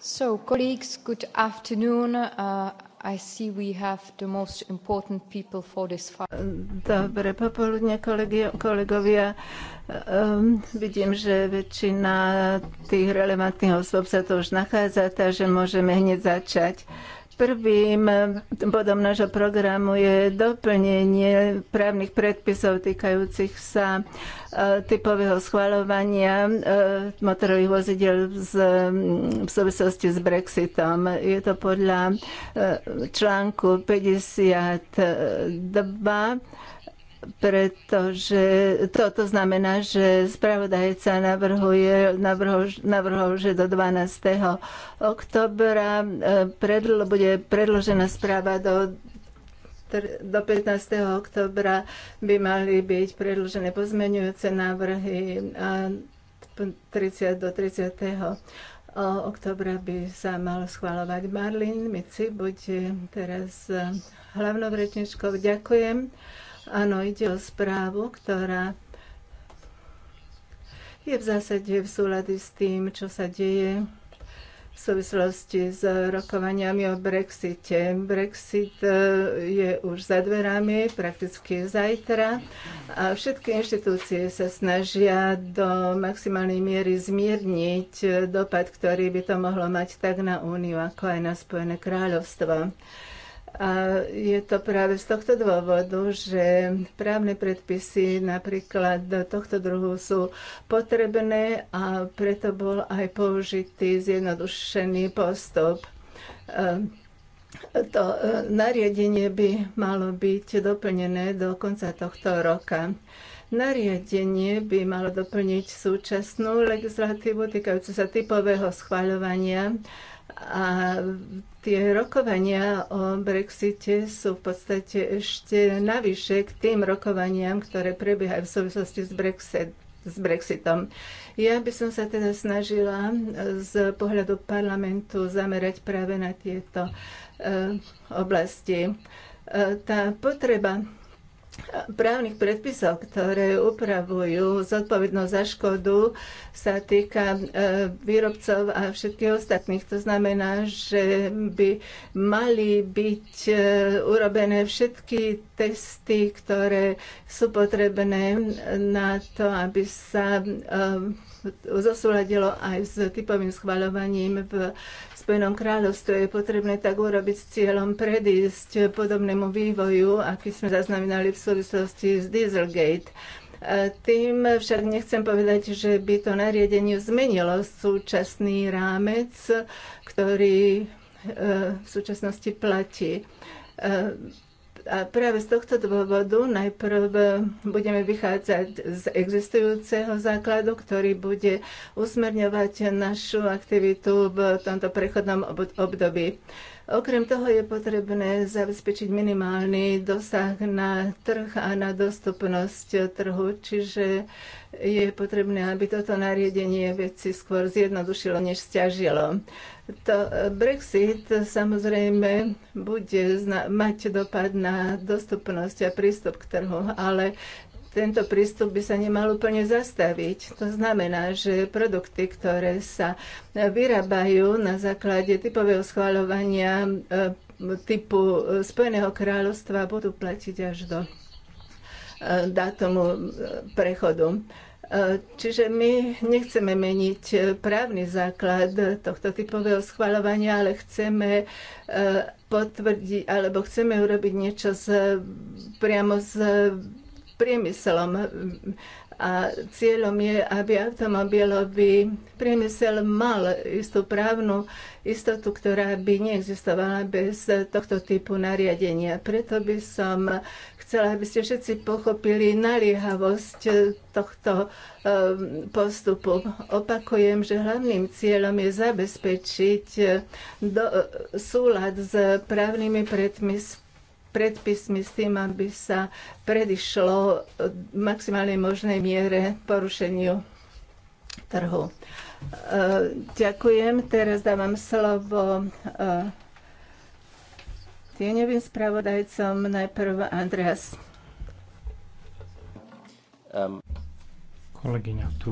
So, colleagues, good afternoon. Uh, I see we have the most important people for this fight. Dobre popoludne, kolegio, kolegovia. Um, vidím, že väčšina tých relevantných osôb sa to už nachádza, takže môžeme hneď začať. Prvým bodom nášho programu je doplnenie právnych predpisov týkajúcich sa e, typového schvaľovania e, motorových vozidel v súvislosti s Brexitom. Je to podľa e, článku 52 pretože toto znamená, že spravodajca navrhuje, navrhol, navrhol, že do 12. oktobra e, predl, bude predložená správa do do 15. oktobra by mali byť predložené pozmeňujúce návrhy a 30 do 30. E, oktobra by sa mal schváľovať Marlin Mici, bude teraz e, hlavnou rečničkou. Ďakujem. Áno, ide o správu, ktorá je v zásade v súlade s tým, čo sa deje v súvislosti s rokovaniami o Brexite. Brexit e, je už za dverami, prakticky zajtra a všetky inštitúcie sa snažia do maximálnej miery zmierniť dopad, ktorý by to mohlo mať tak na Úniu, ako aj na Spojené kráľovstvo. A je to práve z tohto dôvodu, že právne predpisy napríklad tohto druhu sú potrebné a preto bol aj použitý zjednodušený postup. To e, nariadenie by malo byť doplnené do konca tohto roka. Nariadenie by malo doplniť súčasnú legislatívu týkajúcu sa typového schváľovania a tie rokovania o Brexite sú v podstate ešte navyše k tým rokovaniam, ktoré prebiehajú v súvislosti s, Brexit, s Brexitom. Ja by som sa teda snažila e, z pohľadu parlamentu zamerať práve na tieto e, oblasti. E, tá potreba právnych predpisov, ktoré upravujú zodpovednosť za škodu, sa týka e, výrobcov a všetkých ostatných. To znamená, že by mali byť e, urobené všetky testy, ktoré sú potrebné na to, aby sa e, zosúladilo aj s typovým schvaľovaním v Spojenom kráľovstve. Je potrebné tak urobiť s cieľom predísť podobnému vývoju, aký sme zaznamenali v súvislosti s Dieselgate. E, tým však nechcem povedať, že by to nariadenie zmenilo súčasný rámec, ktorý e, v súčasnosti platí. E, a práve z tohto dôvodu najprv budeme vychádzať z existujúceho základu, ktorý bude usmerňovať našu aktivitu v tomto prechodnom období. Okrem toho je potrebné zabezpečiť minimálny dosah na trh a na dostupnosť trhu, čiže je potrebné, aby toto nariadenie veci skôr zjednodušilo, než stiažilo. To Brexit samozrejme bude mať dopad na dostupnosť a prístup k trhu, ale tento prístup by sa nemal úplne zastaviť. To znamená, že produkty, ktoré sa vyrábajú na základe typového schváľovania e, typu Spojeného kráľovstva, budú platiť až do e, dátumu e, prechodu. Čiže my nechceme meniť právny základ tohto typového schvaľovania, ale chceme potvrdiť, alebo chceme urobiť niečo z, priamo z priemyslom. A cieľom je, aby automobilový priemysel mal istú právnu istotu, ktorá by neexistovala bez tohto typu nariadenia. Preto by som chcela, aby ste všetci pochopili naliehavosť tohto eh, postupu. Opakujem, že hlavným cieľom je zabezpečiť eh, do, súlad s právnymi predpismi predpismi s tým, aby sa predišlo v maximálnej možnej miere porušeniu trhu. E, ďakujem. Teraz dávam slovo e, tieňovým spravodajcom. Najprv Andreas. Um. Kolegyňa tu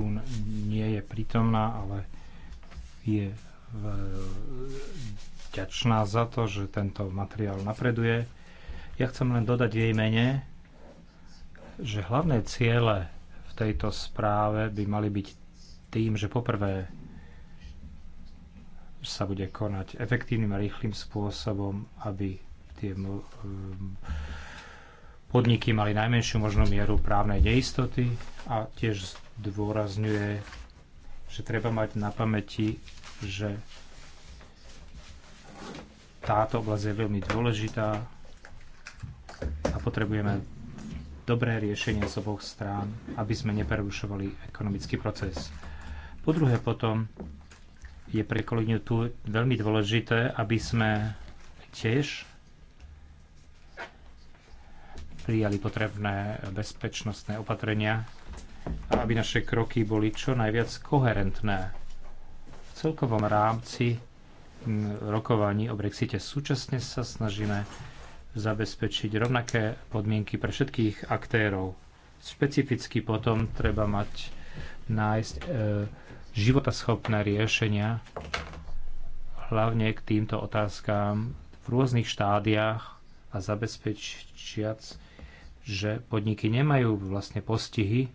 nie je prítomná, ale je e, vďačná za to, že tento materiál napreduje. Ja chcem len dodať jej mene, že hlavné ciele v tejto správe by mali byť tým, že poprvé sa bude konať efektívnym a rýchlým spôsobom, aby tie podniky mali najmenšiu možnú mieru právnej neistoty a tiež zdôrazňuje, že treba mať na pamäti, že táto oblasť je veľmi dôležitá a potrebujeme dobré riešenie z oboch strán, aby sme neprerušovali ekonomický proces. Po druhé potom je pre kolegyňu tu veľmi dôležité, aby sme tiež prijali potrebné bezpečnostné opatrenia a aby naše kroky boli čo najviac koherentné v celkovom rámci rokovaní o Brexite. Súčasne sa snažíme zabezpečiť rovnaké podmienky pre všetkých aktérov. Špecificky potom treba mať nájsť e, životaschopné riešenia hlavne k týmto otázkám v rôznych štádiách a zabezpečiac, že podniky nemajú vlastne postihy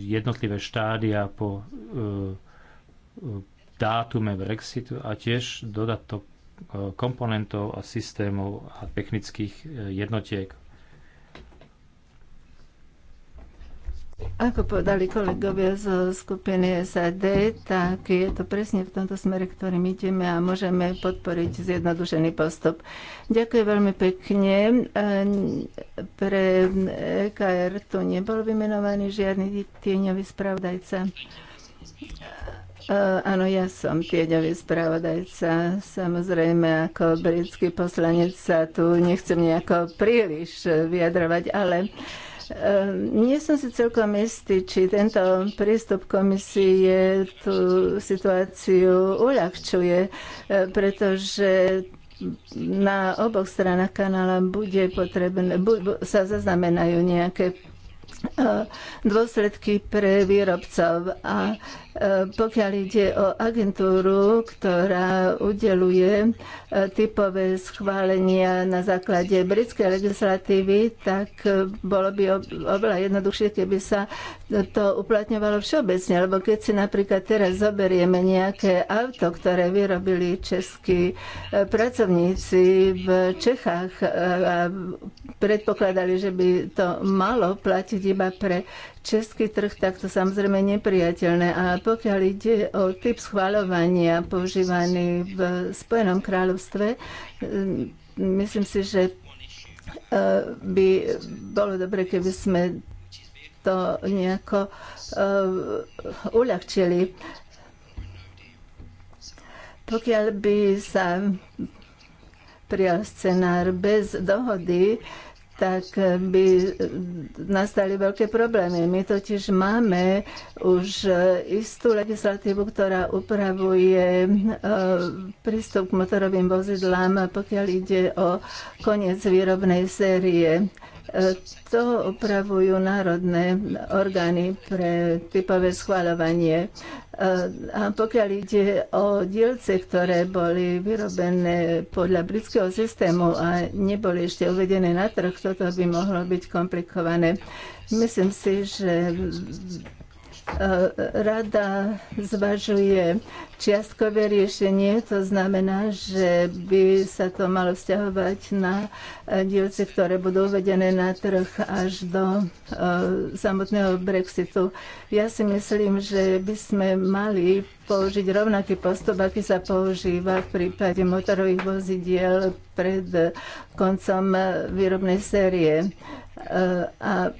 jednotlivé štádia po e, e dátume Brexitu a tiež dodať to komponentov a systémov a technických e, jednotiek. Ako povedali kolegovia zo skupiny SAD, tak je to presne v tomto smere, ktorým ideme a môžeme podporiť zjednodušený postup. Ďakujem veľmi pekne. E, pre EKR tu nebol vymenovaný žiadny tieňový spravodajca. E, áno, ja som tieňový spravodajca. Samozrejme, ako britský poslanec sa tu nechcem nejako príliš vyjadrovať, ale e, nie som si celkom istý, či tento prístup komisie tú situáciu uľahčuje, e, pretože na oboch stranách kanála bude potrebné, bu, sa zaznamenajú nejaké dôsledky pre výrobcov a E, pokiaľ ide o agentúru, ktorá udeluje e, typové schválenia na základe britskej legislatívy, tak e, bolo by oveľa jednoduchšie, keby sa to uplatňovalo všeobecne. Lebo keď si napríklad teraz zoberieme nejaké auto, ktoré vyrobili českí pracovníci v Čechách a predpokladali, že by to malo platiť iba pre český trh, tak to samozrejme nepriateľné. A pokiaľ ide o typ schváľovania používaný v Spojenom kráľovstve, myslím si, že e, by bolo dobre, keby sme to nejako e, uľahčili. Pokiaľ by sa prijal scenár bez dohody, tak eh, by eh, nastali veľké problémy. My totiž máme už eh, istú legislatívu, ktorá upravuje prístup k motorovým vozidlám, pokiaľ ide o koniec výrobnej série. To opravujú národné orgány pre typové schváľovanie. A pokiaľ ide o dielce, ktoré boli vyrobené podľa britského systému a neboli ešte uvedené na trh, toto by mohlo byť komplikované. Myslím si, že E, rada zvažuje čiastkové riešenie, to znamená, že by sa to malo vzťahovať na dielce, ktoré budú uvedené na trh až do e, samotného Brexitu. Ja si myslím, že by sme mali použiť rovnaký postup, aký sa používa v prípade motorových vozidiel pred koncom výrobnej série. E, a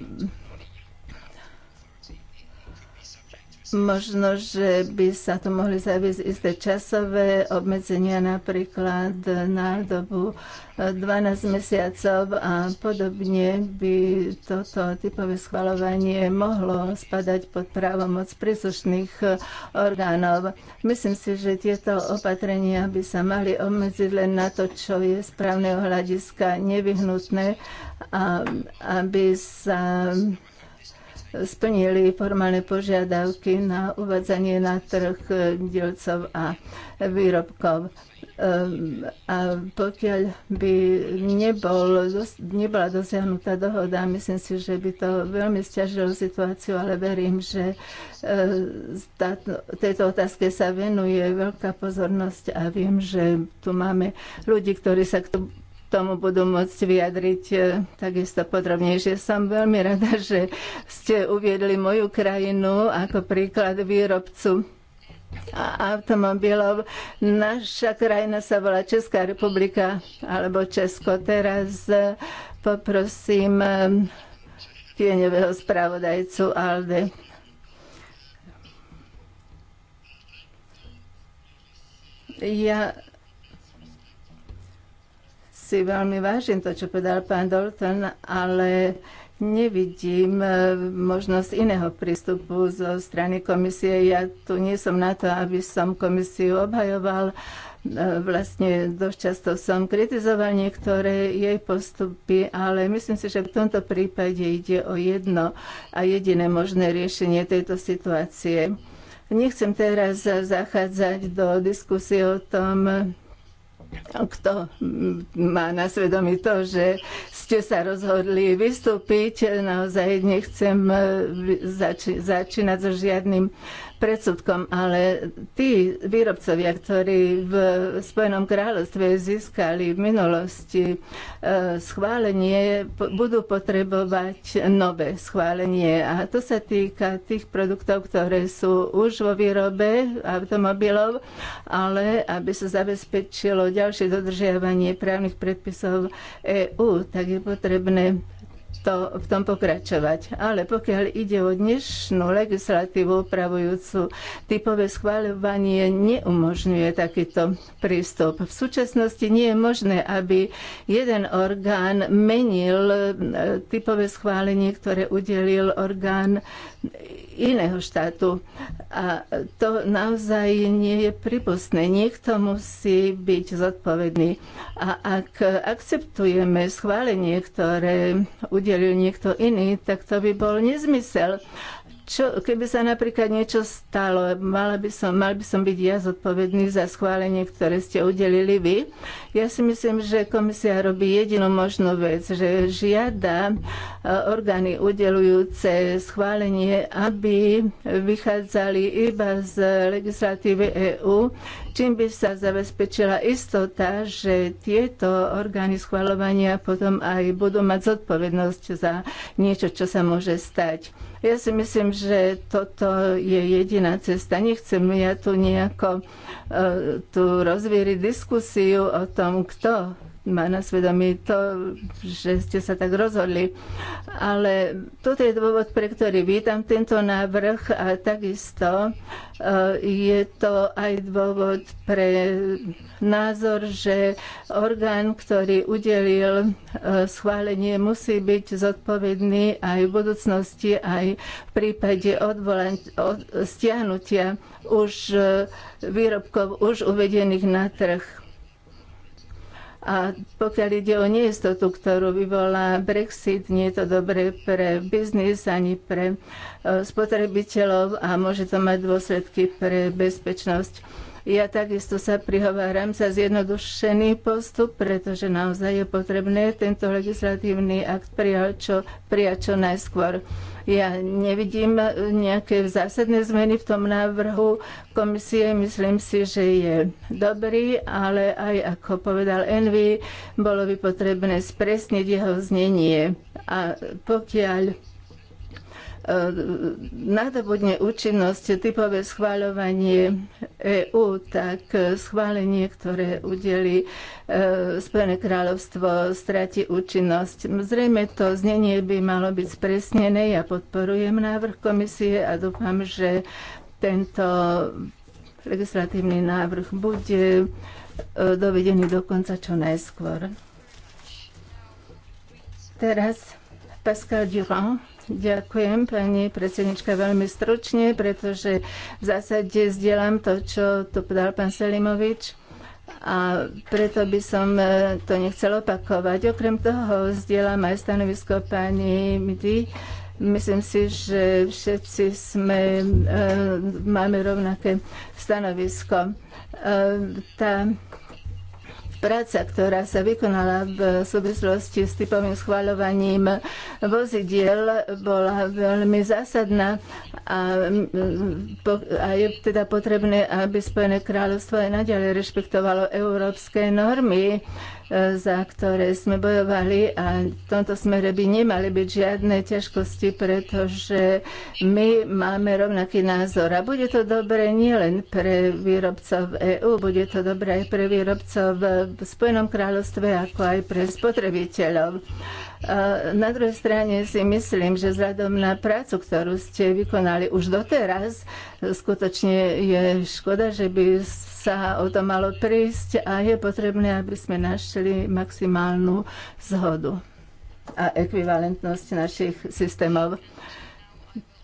Možno, že by sa to mohli zaviesť isté časové obmedzenia napríklad na dobu 12 eh, mesiacov a podobne by toto typové schvalovanie mohlo spadať pod právomoc príslušných eh, orgánov. Myslím si, že tieto opatrenia by sa mali obmedziť len na to, čo je právneho hľadiska nevyhnutné, a aby sa splnili formálne požiadavky na uvádzanie na trh eh, dielcov a výrobkov. Eh, a pokiaľ by nebol, nebola dosiahnutá dohoda, myslím si, že by to veľmi stiažilo situáciu, ale verím, že eh, tá, tejto otázke sa venuje veľká pozornosť a viem, že tu máme ľudí, ktorí sa k tomu tomu budú môcť vyjadriť e, takisto podrobnejšie. Som veľmi rada, že ste uviedli moju krajinu ako príklad výrobcu automobilov. Naša krajina sa volá Česká republika alebo Česko. Teraz e, poprosím e, tieňového spravodajcu Alde. Ja si veľmi vážim to, čo povedal pán Dalton, ale nevidím e, možnosť iného prístupu zo strany komisie. Ja tu nie som na to, aby som komisiu obhajoval. E, vlastne dosť často som kritizoval niektoré jej postupy, ale myslím si, že v tomto prípade ide o jedno a jediné možné riešenie tejto situácie. Nechcem teraz zachádzať do diskusie o tom, kto má na svedomí to, že ste sa rozhodli vystúpiť. Naozaj nechcem e, zač- začínať so žiadnym predsudkom, ale tí výrobcovia, ktorí v Spojenom kráľovstve získali v minulosti e, schválenie, budú potrebovať nové schválenie. A to sa týka tých produktov, ktoré sú už vo výrobe automobilov, ale aby sa zabezpečilo ďalšie dodržiavanie právnych predpisov EÚ, tak je potrebné to, v tom pokračovať. Ale pokiaľ ide o dnešnú legislatívu upravujúcu typové schváľovanie, neumožňuje takýto prístup. V súčasnosti nie je možné, aby jeden orgán menil e, typové schválenie, ktoré udelil orgán iného štátu. A to naozaj nie je prípustné. Niekto musí byť zodpovedný. A ak akceptujeme schválenie, ktoré udelil niekto iný, tak to by bol nezmysel. Čo, keby sa napríklad niečo stalo, mala by som, mal by som byť ja zodpovedný za schválenie, ktoré ste udelili vy. Ja si myslím, že komisia robí jedinú možnú vec, že žiada e, orgány udelujúce schválenie, aby vychádzali iba z legislatívy EÚ, čím by sa zabezpečila istota, že tieto orgány schvalovania potom aj budú mať zodpovednosť za niečo, čo sa môže stať. Ja si myslím, že toto je jediná cesta. Nechcem ja tu nejako eh, tu rozvíriť diskusiu o tom, kto má na svedomí to, že ste sa tak rozhodli. Ale toto je dôvod, pre ktorý vítam tento návrh a takisto e, je to aj dôvod pre názor, že orgán, ktorý udelil e, schválenie, musí byť zodpovedný aj v budúcnosti, aj v prípade odvolen od- stiahnutia už e, výrobkov už uvedených na trh a pokiaľ ide o neistotu, ktorú vyvolá Brexit, nie je to dobré pre biznis ani pre e, spotrebiteľov a môže to mať dôsledky pre bezpečnosť. Ja takisto sa prihováram za zjednodušený postup, pretože naozaj je potrebné tento legislatívny akt prijať čo, prijať čo najskôr. Ja nevidím e, nejaké zásadné zmeny v tom návrhu komisie. Myslím si, že je dobrý, ale aj ako povedal Envy, bolo by potrebné spresniť jeho znenie. A pokiaľ E, nadobudne účinnosť typové schváľovanie EU, tak schválenie, ktoré udeli e, Spojené kráľovstvo, strati účinnosť. Zrejme to znenie by malo byť spresnené. Ja podporujem návrh komisie a dúfam, že tento legislatívny návrh bude e, dovedený do konca čo najskôr. Teraz Pascal Durand Ďakujem, pani predsednička, veľmi stručne, pretože v zásade zdieľam to, čo tu podal pán Selimovič a preto by som e, to nechcel opakovať. Okrem toho zdieľam aj stanovisko pani Midy. Myslím si, že všetci sme, e, máme rovnaké stanovisko. E, tá práca, ktorá sa vykonala v súvislosti s typovým schváľovaním vozidiel, bola veľmi zásadná a, a je teda potrebné, aby Spojené kráľovstvo aj naďalej rešpektovalo európske normy E, za ktoré sme bojovali a v tomto smere by nemali byť žiadne ťažkosti, pretože my máme rovnaký názor. A bude to dobré nielen pre výrobcov EÚ, bude to dobré aj pre výrobcov v Spojenom kráľovstve, ako aj pre spotrebiteľov. E, na druhej strane si myslím, že vzhľadom na prácu, ktorú ste vykonali už doteraz, skutočne je škoda, že by sa o to malo prísť a je potrebné, aby sme našli maximálnu zhodu a ekvivalentnosť našich systémov.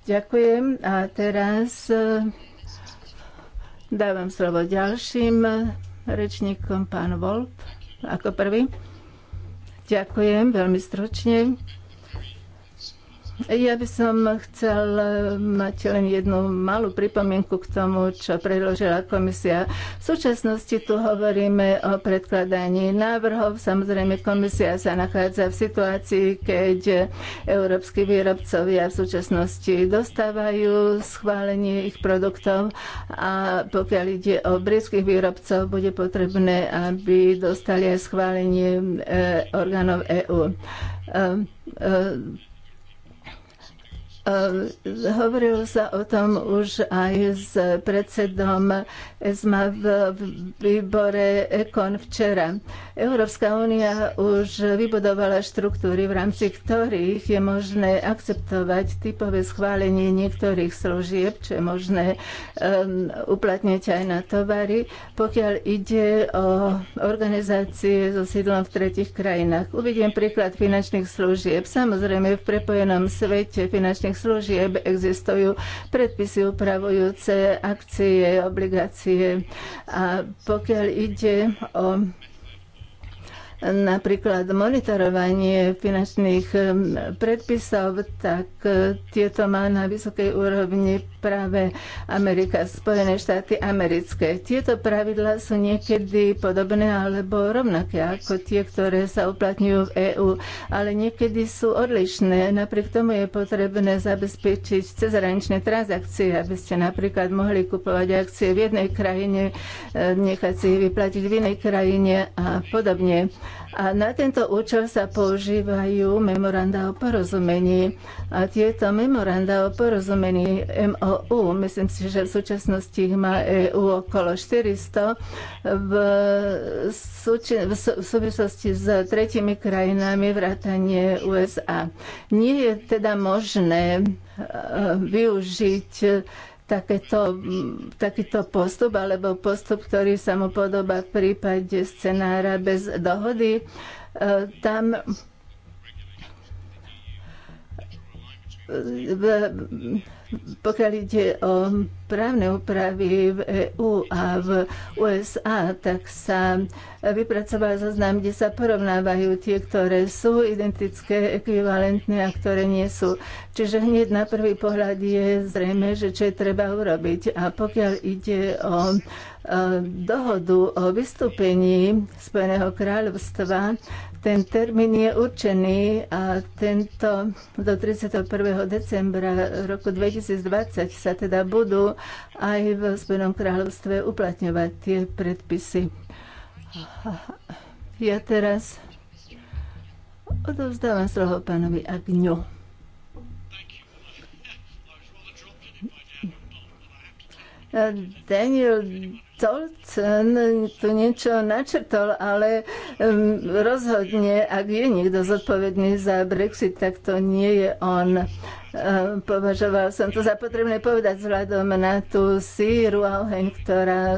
Ďakujem a teraz eh, dávam slovo ďalším rečníkom, pán Wolf ako prvý. Ďakujem veľmi stručne. Ja by som chcel mať len jednu malú pripomienku k tomu, čo predložila komisia. V súčasnosti tu hovoríme o predkladaní návrhov. Samozrejme, komisia sa nachádza v situácii, keď európsky výrobcovia v súčasnosti dostávajú schválenie ich produktov a pokiaľ ide o britských výrobcov, bude potrebné, aby dostali aj schválenie e, orgánov EÚ Ehm, hovoril sa o tom už aj s predsedom ESMA v výbore Ekon včera. Európska únia už vybudovala štruktúry, v rámci ktorých je možné akceptovať typové schválenie niektorých služieb, čo je možné um, uplatniť aj na tovary, pokiaľ ide o organizácie so sídlom v tretich krajinách. Uvidím príklad finančných služieb. Samozrejme, v prepojenom svete finančných finančných služieb existujú predpisy upravujúce akcie, obligácie a pokiaľ ide o napríklad monitorovanie finančných um, predpisov, tak uh, tieto má na vysokej úrovni práve Amerika, Spojené štáty americké. Tieto pravidlá sú niekedy podobné alebo rovnaké ako tie, ktoré sa uplatňujú v EÚ, ale niekedy sú odlišné. Napriek tomu je potrebné zabezpečiť cezhraničné transakcie, aby ste napríklad mohli kupovať akcie v jednej krajine, uh, nechať si ich vyplatiť v inej krajine a podobne. A na tento účel sa používajú memoranda o porozumení. A tieto memoranda o porozumení MOU, myslím si, že v súčasnosti ich má EU okolo 400, v, súči- v, v súvislosti s tretimi krajinami vrátanie USA. Nie je teda možné e, využiť takéto, takýto postup alebo postup, ktorý sa mu podobá v prípade scenára bez dohody. E, tam pokiaľ ide o právne úpravy v EU a v USA, tak sa vypracoval zoznam, kde sa porovnávajú tie, ktoré sú identické, ekvivalentné a ktoré nie sú. Čiže hneď na prvý pohľad je zrejme, že čo je treba urobiť. A pokiaľ ide o dohodu o vystúpení Spojeného kráľovstva ten termín je určený a tento do 31. decembra roku 2020 sa teda budú aj v Spojenom kráľovstve uplatňovať tie predpisy. Ja teraz odovzdávam slovo pánovi Agňu. Daniel Tolcen tu niečo načrtol, ale um, rozhodne, ak je niekto zodpovedný za Brexit, tak to nie je on. Považoval som to za potrebné povedať vzhľadom na tú síru a oheň, ktorá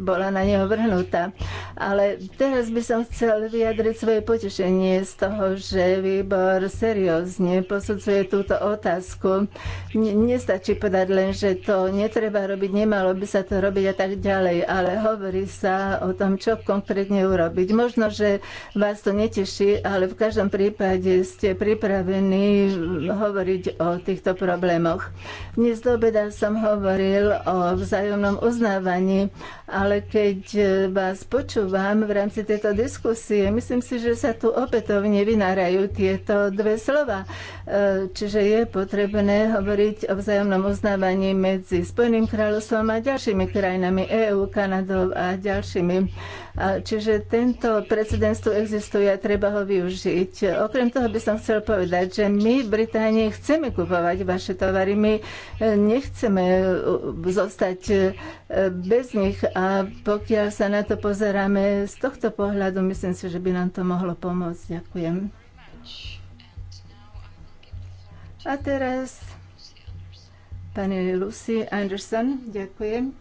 bola na neho vrhnutá. Ale teraz by som chcel vyjadriť svoje potešenie z toho, že výbor seriózne posudzuje túto otázku. N- nestačí povedať len, že to netreba robiť, nemalo by sa to robiť a tak ďalej, ale hovorí sa o tom, čo konkrétne urobiť. Možno, že vás to neteší, ale v každom prípade ste pripravení hovoriť o o týchto problémoch. Dnes do obeda som hovoril o vzájomnom uznávaní ale keď e, vás počúvam v rámci tejto diskusie, myslím si, že sa tu opätovne vynárajú tieto dve slova. E, čiže je potrebné hovoriť o vzájomnom uznávaní medzi Spojeným kráľovstvom a ďalšími krajinami EÚ, Kanadou a ďalšími. E, čiže tento precedens tu existuje a treba ho využiť. Okrem toho by som chcel povedať, že my v Británii chceme kupovať vaše tovary, my nechceme zostať bez nich a pokiaľ sa na to pozeráme z tohto pohľadu, myslím si, že by nám to mohlo pomôcť. Ďakujem. A teraz pani Lucy Anderson, ďakujem.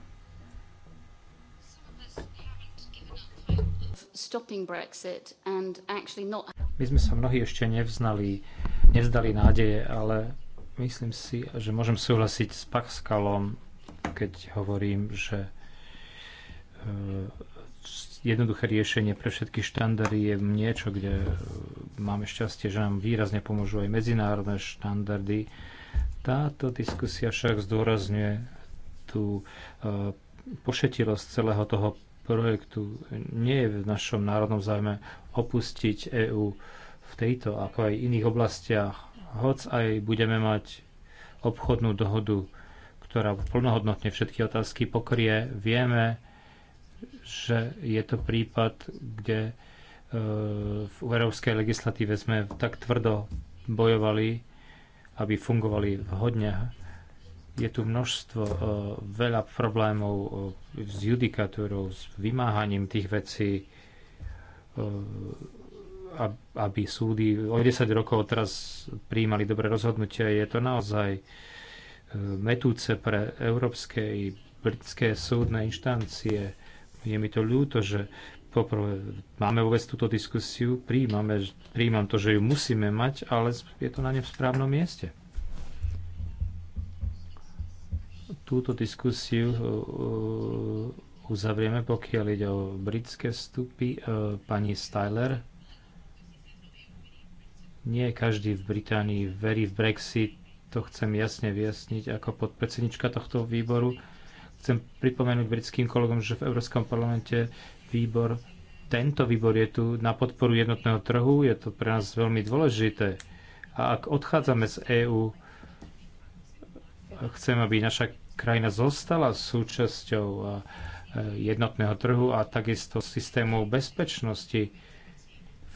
My sme sa mnohí ešte nevznali, nevzdali nádeje, ale myslím si, že môžem súhlasiť s Pachskalom, keď hovorím, že Ehm, jednoduché riešenie pre všetky štandardy je niečo, kde ehm, máme šťastie, že nám výrazne pomôžu aj medzinárodné štandardy. Táto diskusia však zdôrazňuje tú ehm, pošetilosť celého toho projektu. Nie je v našom národnom zájme opustiť EÚ v tejto, ako aj iných oblastiach, hoc aj budeme mať obchodnú dohodu, ktorá plnohodnotne všetky otázky pokrie, vieme, že je to prípad, kde e, v európskej legislatíve sme tak tvrdo bojovali, aby fungovali hodne. Je tu množstvo, e, veľa problémov e, s judikatúrou, s vymáhaním tých vecí, aby súdy o 10 rokov teraz prijímali dobré rozhodnutia. Je to naozaj metúce pre európske i britské súdne inštancie je mi to ľúto, že poprvé máme vôbec túto diskusiu, príjmame, príjmam to, že ju musíme mať, ale je to na ne v správnom mieste. Túto diskusiu uh, uh, uzavrieme, pokiaľ ide o britské vstupy. Uh, pani Styler, nie každý v Británii verí v Brexit, to chcem jasne vyjasniť ako podpredsednička tohto výboru Chcem pripomenúť britským kolegom, že v Európskom parlamente výbor, tento výbor je tu na podporu jednotného trhu, je to pre nás veľmi dôležité. A ak odchádzame z EÚ, chcem, aby naša krajina zostala súčasťou e, jednotného trhu a takisto systémov bezpečnosti.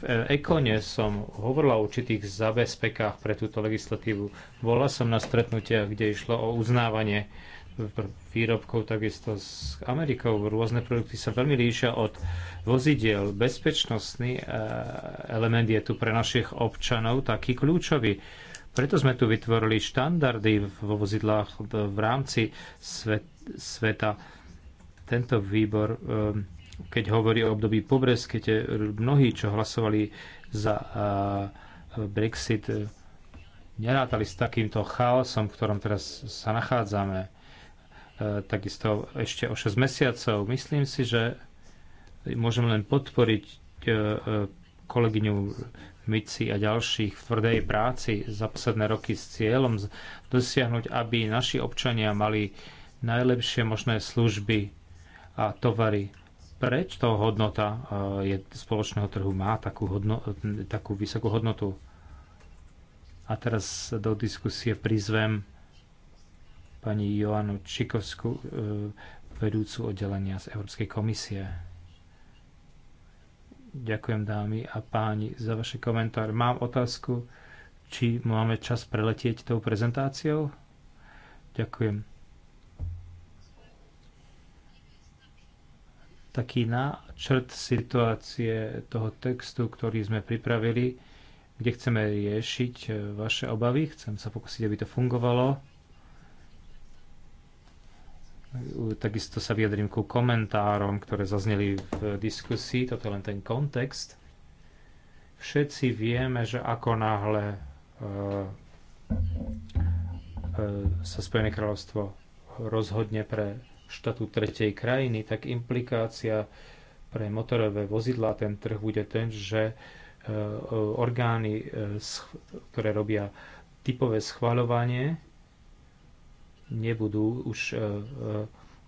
V e, Ekone som hovorila o určitých zabezpekách pre túto legislatívu. Volala som na stretnutia, kde išlo o uznávanie výrobkov, takisto s Amerikou. Rôzne produkty sa veľmi líšia od vozidiel. Bezpečnostný eh, element je tu pre našich občanov taký kľúčový. Preto sme tu vytvorili štandardy vo vozidlách v rámci svet, sveta. Tento výbor, eh, keď hovorí o období po Brexite, mnohí, čo hlasovali za eh, Brexit, nerátali s takýmto chaosom, v ktorom teraz sa nachádzame. E, takisto ešte o 6 mesiacov. Myslím si, že môžem len podporiť e, e, kolegyňu Mici a ďalších v tvrdej práci za posledné roky s cieľom dosiahnuť, aby naši občania mali najlepšie možné služby a tovary. Preč to hodnota je, spoločného trhu má takú, hodno, takú vysokú hodnotu? A teraz do diskusie prizvem pani Joanu Čikovskú, e, vedúcu oddelenia z Európskej komisie. Ďakujem dámy a páni za vaše komentár. Mám otázku, či máme čas preletieť tou prezentáciou? Ďakujem. Taký náčrt situácie toho textu, ktorý sme pripravili, kde chceme riešiť e, vaše obavy. Chcem sa pokúsiť, aby to fungovalo Takisto sa vyjadrím ku komentárom, ktoré zazneli v diskusii. Toto je len ten kontext. Všetci vieme, že ako náhle e, e, sa Spojené kráľovstvo rozhodne pre štatu tretej krajiny, tak implikácia pre motorové vozidlá ten trh bude ten, že e, orgány, ktoré robia typové schvaľovanie, nebudú už e, e,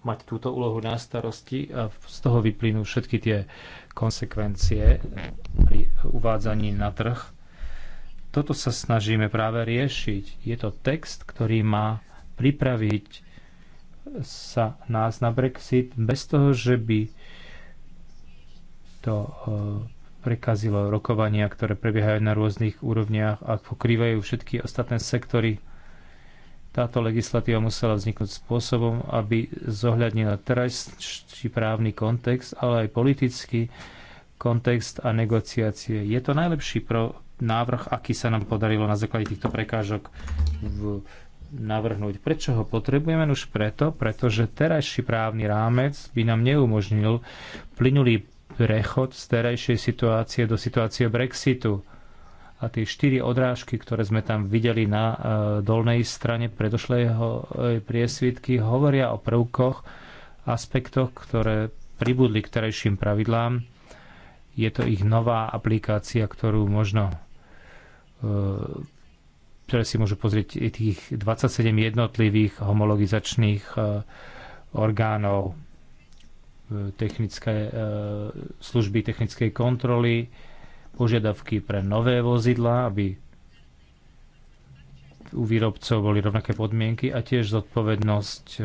mať túto úlohu na starosti a z toho vyplynú všetky tie konsekvencie pri uvádzaní na trh. Toto sa snažíme práve riešiť. Je to text, ktorý má pripraviť sa nás na Brexit bez toho, že by to e, prekazilo rokovania, ktoré prebiehajú na rôznych úrovniach a pokrývajú všetky ostatné sektory táto legislatíva musela vzniknúť spôsobom, aby zohľadnila terajší právny kontext, ale aj politický kontext a negociácie. Je to najlepší pro návrh, aký sa nám podarilo na základe týchto prekážok v navrhnúť. Prečo ho potrebujeme? Už preto, pretože terajší právny rámec by nám neumožnil plynulý prechod z terajšej situácie do situácie Brexitu a tie štyri odrážky, ktoré sme tam videli na e, dolnej strane predošlého e, priesvitky, hovoria o prvkoch, aspektoch, ktoré pribudli k terajším pravidlám. Je to ich nová aplikácia, ktorú možno e, ktoré si môžu pozrieť i tých 27 jednotlivých homologizačných orgánov technické služby technickej kontroly, požiadavky pre nové vozidlá, aby u výrobcov boli rovnaké podmienky a tiež zodpovednosť e, e,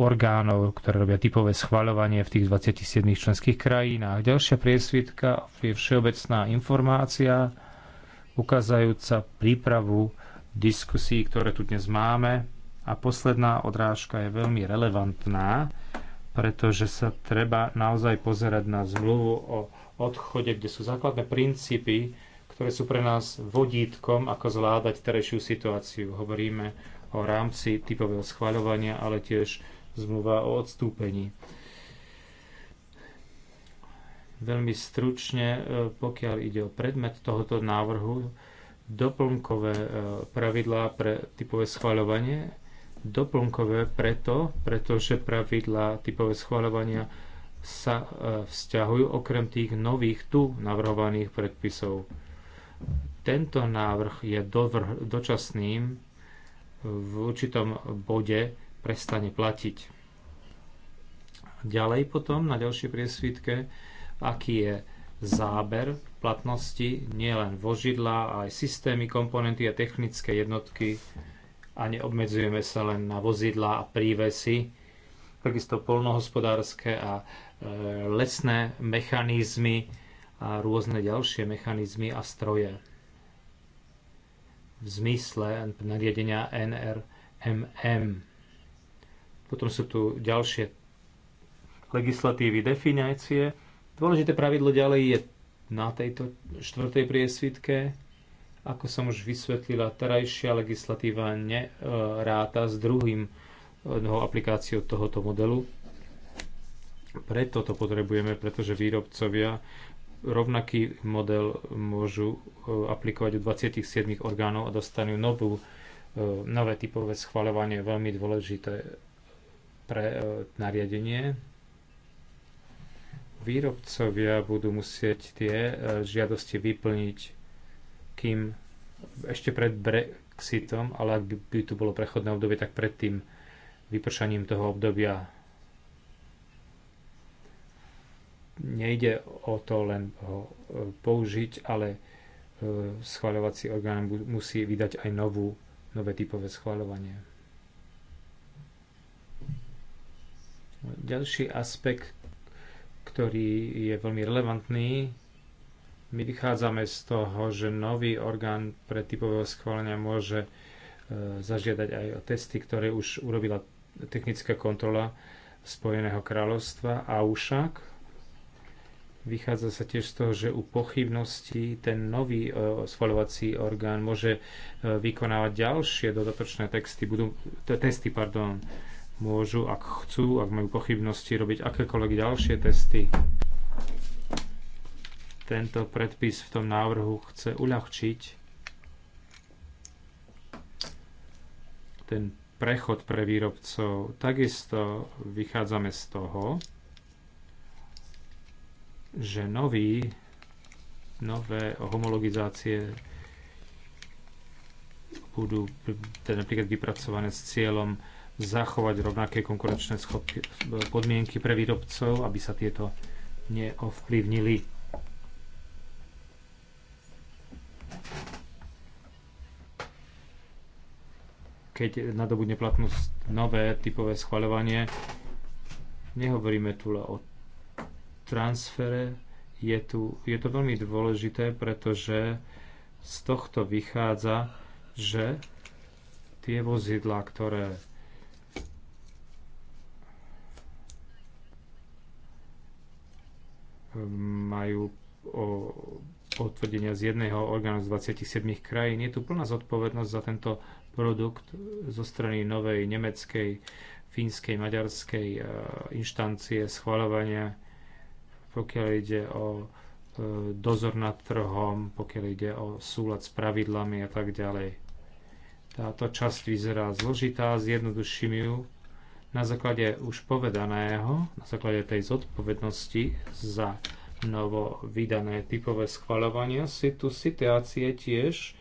orgánov, ktoré robia typové schvaľovanie v tých 27 členských krajinách. Ďalšia priesvitka je všeobecná informácia ukazajúca prípravu diskusí, ktoré tu dnes máme. A posledná odrážka je veľmi relevantná pretože sa treba naozaj pozerať na zmluvu o odchode, kde sú základné princípy, ktoré sú pre nás vodítkom, ako zvládať terejšiu situáciu. Hovoríme o rámci typového schvaľovania, ale tiež zmluva o odstúpení. Veľmi stručne, e, pokiaľ ide o predmet tohoto návrhu, doplnkové e, pravidlá pre typové schvaľovanie doplnkové preto, pretože pravidlá typové schváľovania sa e, vzťahujú okrem tých nových tu navrhovaných predpisov. Tento návrh je dovrh, dočasným, v určitom bode prestane platiť. Ďalej potom na ďalšej priesvitke, aký je záber platnosti nielen vozidla, ale aj systémy, komponenty a technické jednotky a neobmedzujeme sa len na vozidlá a prívesy. Takisto polnohospodárske a e, lesné mechanizmy a rôzne ďalšie mechanizmy a stroje. V zmysle nariadenia NRMM. Potom sú tu ďalšie legislatívy, definície. Dôležité pravidlo ďalej je na tejto štvrtej priesvitke ako som už vysvetlila, terajšia legislatíva neráta s druhým no, aplikáciou tohoto modelu. Preto to potrebujeme, pretože výrobcovia rovnaký model môžu eh, aplikovať u 27 orgánov a dostanú novú, eh, nové typové schvaľovanie, veľmi dôležité pre eh, nariadenie. Výrobcovia budú musieť tie žiadosti vyplniť kým ešte pred Brexitom, ale ak by tu bolo prechodné obdobie, tak pred tým vypršaním toho obdobia nejde o to len ho e, použiť, ale e, schváľovací orgán musí vydať aj novú, nové typové schváľovanie. Ďalší aspekt, ktorý je veľmi relevantný, my vychádzame z toho, že nový orgán pre typového schválenia môže e, zažiadať aj o testy, ktoré už urobila technická kontrola Spojeného kráľovstva a ušak. Vychádza sa tiež z toho, že u pochybností ten nový e, schvaľovací orgán môže e, vykonávať ďalšie dodatočné texty, budú, testy, pardon, môžu, ak chcú, ak majú pochybnosti, robiť akékoľvek ďalšie testy tento predpis v tom návrhu chce uľahčiť ten prechod pre výrobcov. Takisto vychádzame z toho, že nový, nové homologizácie budú teda napríklad vypracované s cieľom zachovať rovnaké konkurenčné podmienky pre výrobcov, aby sa tieto neovplyvnili. keď nadobudne platnosť nové typové schvaľovanie. Nehovoríme tu o transfere, je, tu, je to veľmi dôležité, pretože z tohto vychádza, že tie vozidlá, ktoré majú o potvrdenia z jedného orgánu z 27 krajín. Je tu plná zodpovednosť za tento produkt zo strany novej nemeckej, fínskej, maďarskej eh, inštancie schvaľovania, pokiaľ ide o eh, dozor nad trhom, pokiaľ ide o súlad s pravidlami a tak ďalej. Táto časť vyzerá zložitá, zjednoduším ju. Na základe už povedaného, na základe tej zodpovednosti za novo vydané typové schvaľovania. Si tu situácie tiež,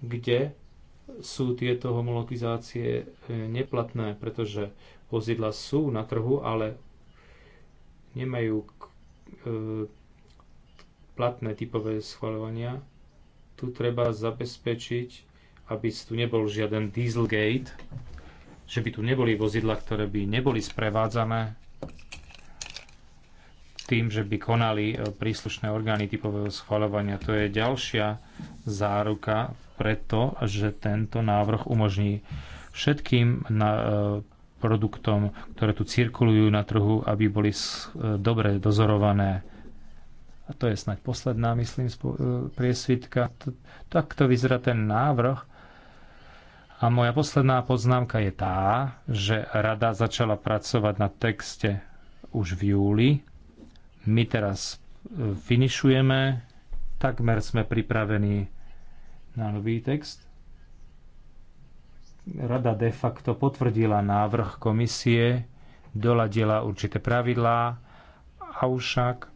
kde sú tieto homologizácie e, neplatné, pretože vozidla sú na trhu, ale nemajú e, platné typové schvaľovania. Tu treba zabezpečiť, aby tu nebol žiaden dieselgate, že by tu neboli vozidla, ktoré by neboli sprevádzané tým, že by konali e, príslušné orgány typového schvaľovania. To je ďalšia záruka preto, že tento návrh umožní všetkým na, e, produktom, ktoré tu cirkulujú na trhu, aby boli e, dobre dozorované. A to je snáď posledná, myslím, priesvitka. Takto vyzerá ten návrh. A moja posledná poznámka je tá, že rada začala pracovať na texte už v júli my teraz e, finišujeme, takmer sme pripravení na nový text. Rada de facto potvrdila návrh komisie, doladila určité pravidlá, avšak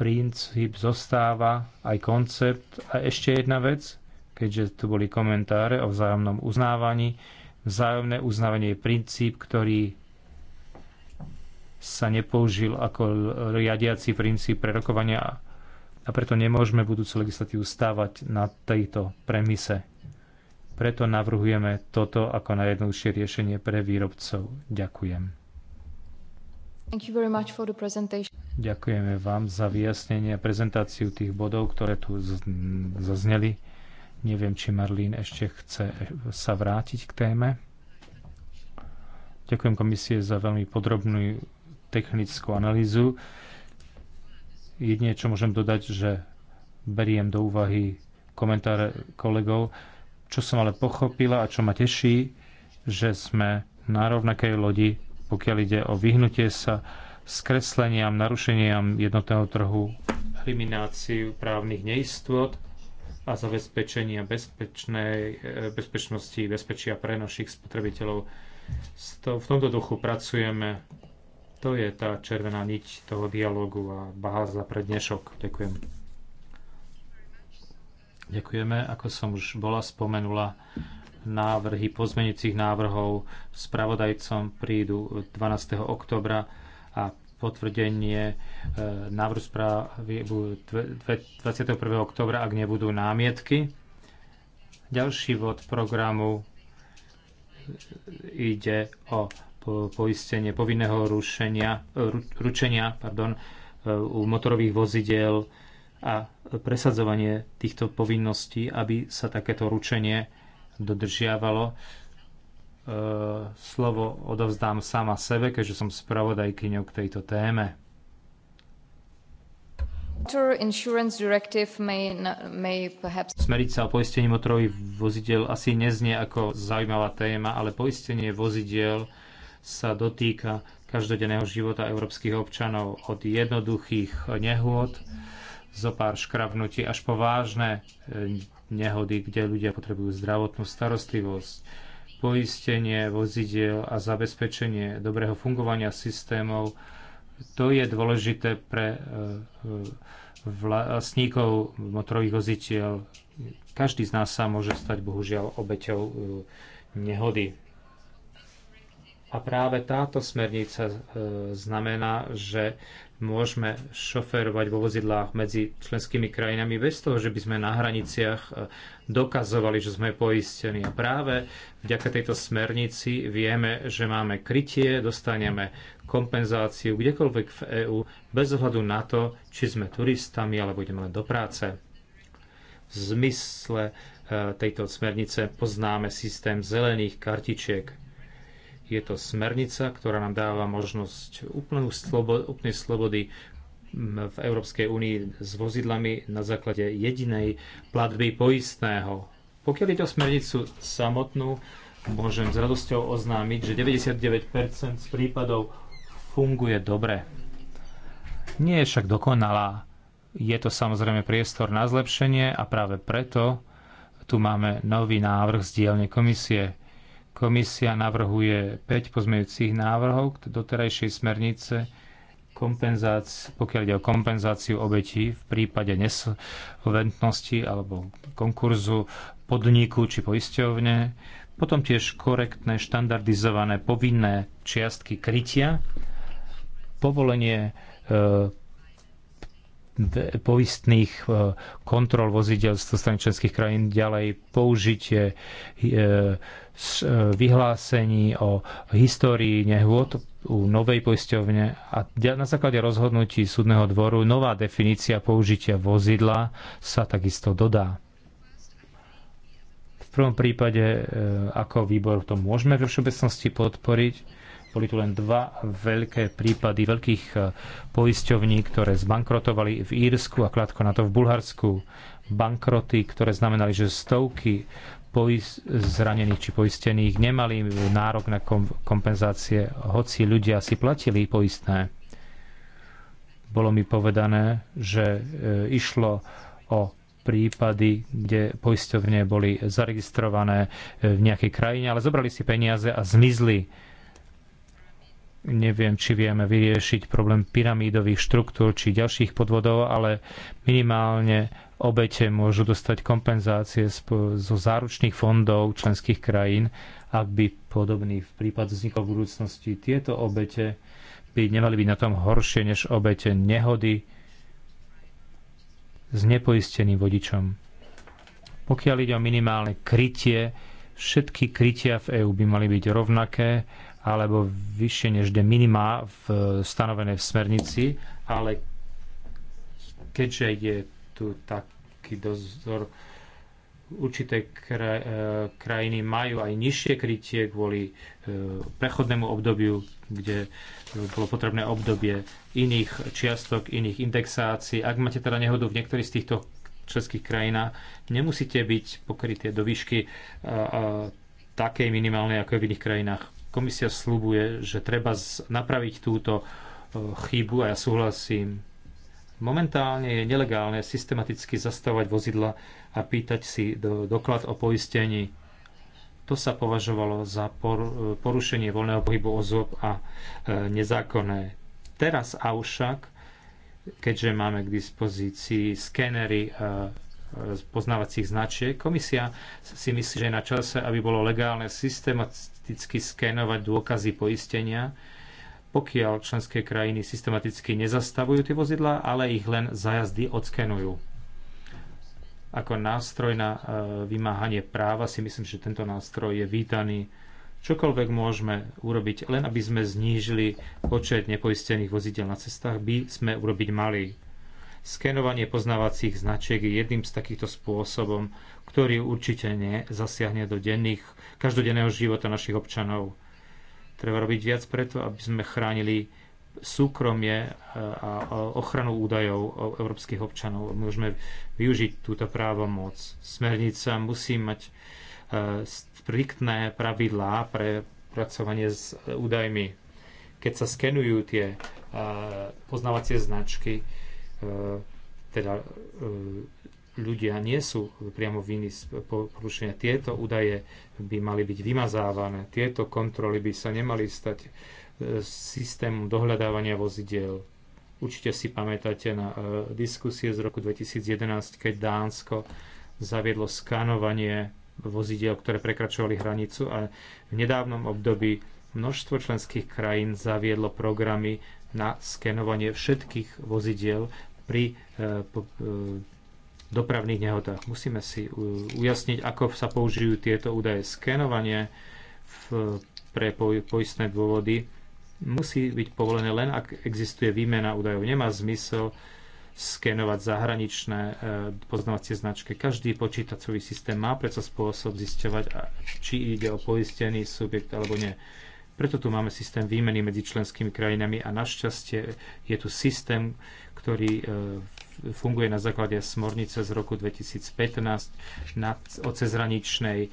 princíp zostáva aj koncept. A ešte jedna vec, keďže tu boli komentáre o vzájomnom uznávaní. Vzájomné uznávanie je princíp, ktorý sa nepoužil ako riadiaci princíp prerokovania a preto nemôžeme budúcu legislatívu stávať na tejto premise. Preto navrhujeme toto ako najjednoduchšie riešenie pre výrobcov. Ďakujem. Ďakujeme vám za vyjasnenie a prezentáciu tých bodov, ktoré tu zazneli. Neviem, či Marlín ešte chce sa vrátiť k téme. Ďakujem komisie za veľmi podrobnú technickú analýzu. Jedine, čo môžem dodať, že beriem do úvahy komentáre kolegov. Čo som ale pochopila a čo ma teší, že sme na rovnakej lodi, pokiaľ ide o vyhnutie sa skresleniam, narušeniam jednotného trhu, elimináciu právnych neistôt a zabezpečenia bezpečnej, e, bezpečnosti, bezpečia pre našich spotrebiteľov. V tomto duchu pracujeme to je tá červená niť toho dialogu a baháza pre dnešok. Ďakujem. Ďakujeme. Ako som už bola spomenula, návrhy pozmenujúcich návrhov spravodajcom prídu 12. oktobra a potvrdenie e, návrhu správy 21. oktobra, ak nebudú námietky. Ďalší bod programu e, ide o po, poistenie povinného rušenia, ru, ručenia pardon, e, u motorových vozidiel a presadzovanie týchto povinností, aby sa takéto ručenie dodržiavalo. E, slovo odovzdám sama sebe, keďže som spravodajkyňou k tejto téme. Smernica o poistení motorových vozidel asi neznie ako zaujímavá téma, ale poistenie vozidiel sa dotýka každodenného života európskych občanov od jednoduchých nehôd, zo pár škrabnutí až po vážne e, nehody, kde ľudia potrebujú zdravotnú starostlivosť, poistenie vozidiel a zabezpečenie dobrého fungovania systémov. To je dôležité pre e, e, vlastníkov motorových vozidiel. Každý z nás sa môže stať bohužiaľ obeťou nehody. A práve táto smernica e, znamená, že môžeme šoférovať vo vozidlách medzi členskými krajinami bez toho, že by sme na hraniciach e, dokazovali, že sme poistení. A práve vďaka tejto smernici vieme, že máme krytie, dostaneme kompenzáciu kdekoľvek v EÚ bez ohľadu na to, či sme turistami alebo ideme len do práce. V zmysle e, tejto smernice poznáme systém zelených kartičiek, je to smernica, ktorá nám dáva možnosť úplnej slobo, slobody v Európskej únii s vozidlami na základe jedinej platby poistného. Pokiaľ ide o smernicu samotnú, môžem s radosťou oznámiť, že 99% z prípadov funguje dobre. Nie je však dokonalá. Je to samozrejme priestor na zlepšenie a práve preto tu máme nový návrh z dielne komisie. Komisia navrhuje 5 pozmeňujúcich návrhov k doterajšej smernice, pokiaľ ide o kompenzáciu obetí v prípade nesolventnosti alebo konkurzu podniku či poisťovne, potom tiež korektné, štandardizované, povinné čiastky krytia, povolenie e, poistných e, kontrol vozidel z strany členských krajín, ďalej použitie e, E, vyhlásení o histórii nehôd u novej poisťovne a na základe rozhodnutí súdneho dvoru nová definícia použitia vozidla sa takisto dodá. V prvom prípade, e, ako výbor to môžeme v všeobecnosti podporiť, boli tu len dva veľké prípady veľkých e, poisťovní, ktoré zbankrotovali v Írsku a krátko na to v Bulharsku. Bankroty, ktoré znamenali, že stovky zranených či poistených nemali nárok na kompenzácie, hoci ľudia si platili poistné. Bolo mi povedané, že e, išlo o prípady, kde poisťovne boli zaregistrované e, v nejakej krajine, ale zobrali si peniaze a zmizli neviem, či vieme vyriešiť problém pyramídových štruktúr či ďalších podvodov, ale minimálne obete môžu dostať kompenzácie zo záručných fondov členských krajín, ak by podobný v prípad vznikol v budúcnosti. Tieto obete by nemali byť na tom horšie než obete nehody s nepoisteným vodičom. Pokiaľ ide o minimálne krytie, všetky krytia v EÚ by mali byť rovnaké alebo vyššie než de minima v, stanovené v smernici, ale keďže je tu taký dozor, určité kraj, e, krajiny majú aj nižšie krytie kvôli e, prechodnému obdobiu, kde bolo potrebné obdobie iných čiastok, iných indexácií. Ak máte teda nehodu v niektorých z týchto českých krajinách, nemusíte byť pokryté do výšky takej minimálnej ako je v iných krajinách. Komisia slubuje, že treba napraviť túto e, chybu a ja súhlasím. Momentálne je nelegálne systematicky zastavovať vozidla a pýtať si doklad o poistení. To sa považovalo za e, porušenie voľného pohybu osôb a e, nezákonné. Teraz avšak, keďže máme k dispozícii skenery poznávacích značiek. Komisia si myslí, že je na čase, aby bolo legálne systemat, systematicky skénovať dôkazy poistenia, pokiaľ členské krajiny systematicky nezastavujú tie vozidlá, ale ich len zajazdy odskenujú. Ako nástroj na e, vymáhanie práva si myslím, že tento nástroj je vítaný. Čokoľvek môžeme urobiť, len aby sme znížili počet nepoistených vozidel na cestách, by sme urobiť mali. Skenovanie poznávacích značiek je jedným z takýchto spôsobom, ktorý určite zasiahne do denných, každodenného života našich občanov. Treba robiť viac preto, aby sme chránili súkromie e, a ochranu údajov európskych občanov. Môžeme využiť túto právomoc. Smernica musí mať e, striktné pravidlá pre pracovanie s údajmi. Keď sa skenujú tie e, poznávacie značky, teda ľudia nie sú priamo viny z porušenia. Tieto údaje by mali byť vymazávané. Tieto kontroly by sa nemali stať e, systémom dohľadávania vozidiel. Určite si pamätáte na e, diskusie z roku 2011, keď Dánsko zaviedlo skanovanie vozidiel, ktoré prekračovali hranicu a v nedávnom období množstvo členských krajín zaviedlo programy na skenovanie všetkých vozidiel pri e, dopravných nehodách. Musíme si ujasniť, ako sa použijú tieto údaje. Skenovanie v, pre poistné dôvody musí byť povolené len, ak existuje výmena údajov. Nemá zmysel skenovať zahraničné e, poznávacie značky. Každý počítačový systém má predsa spôsob zisťovať, či ide o poistený subjekt alebo nie. Preto tu máme systém výmeny medzi členskými krajinami a našťastie je tu systém, ktorý e, funguje na základe smornice z roku 2015 na, o cezhraničnej e,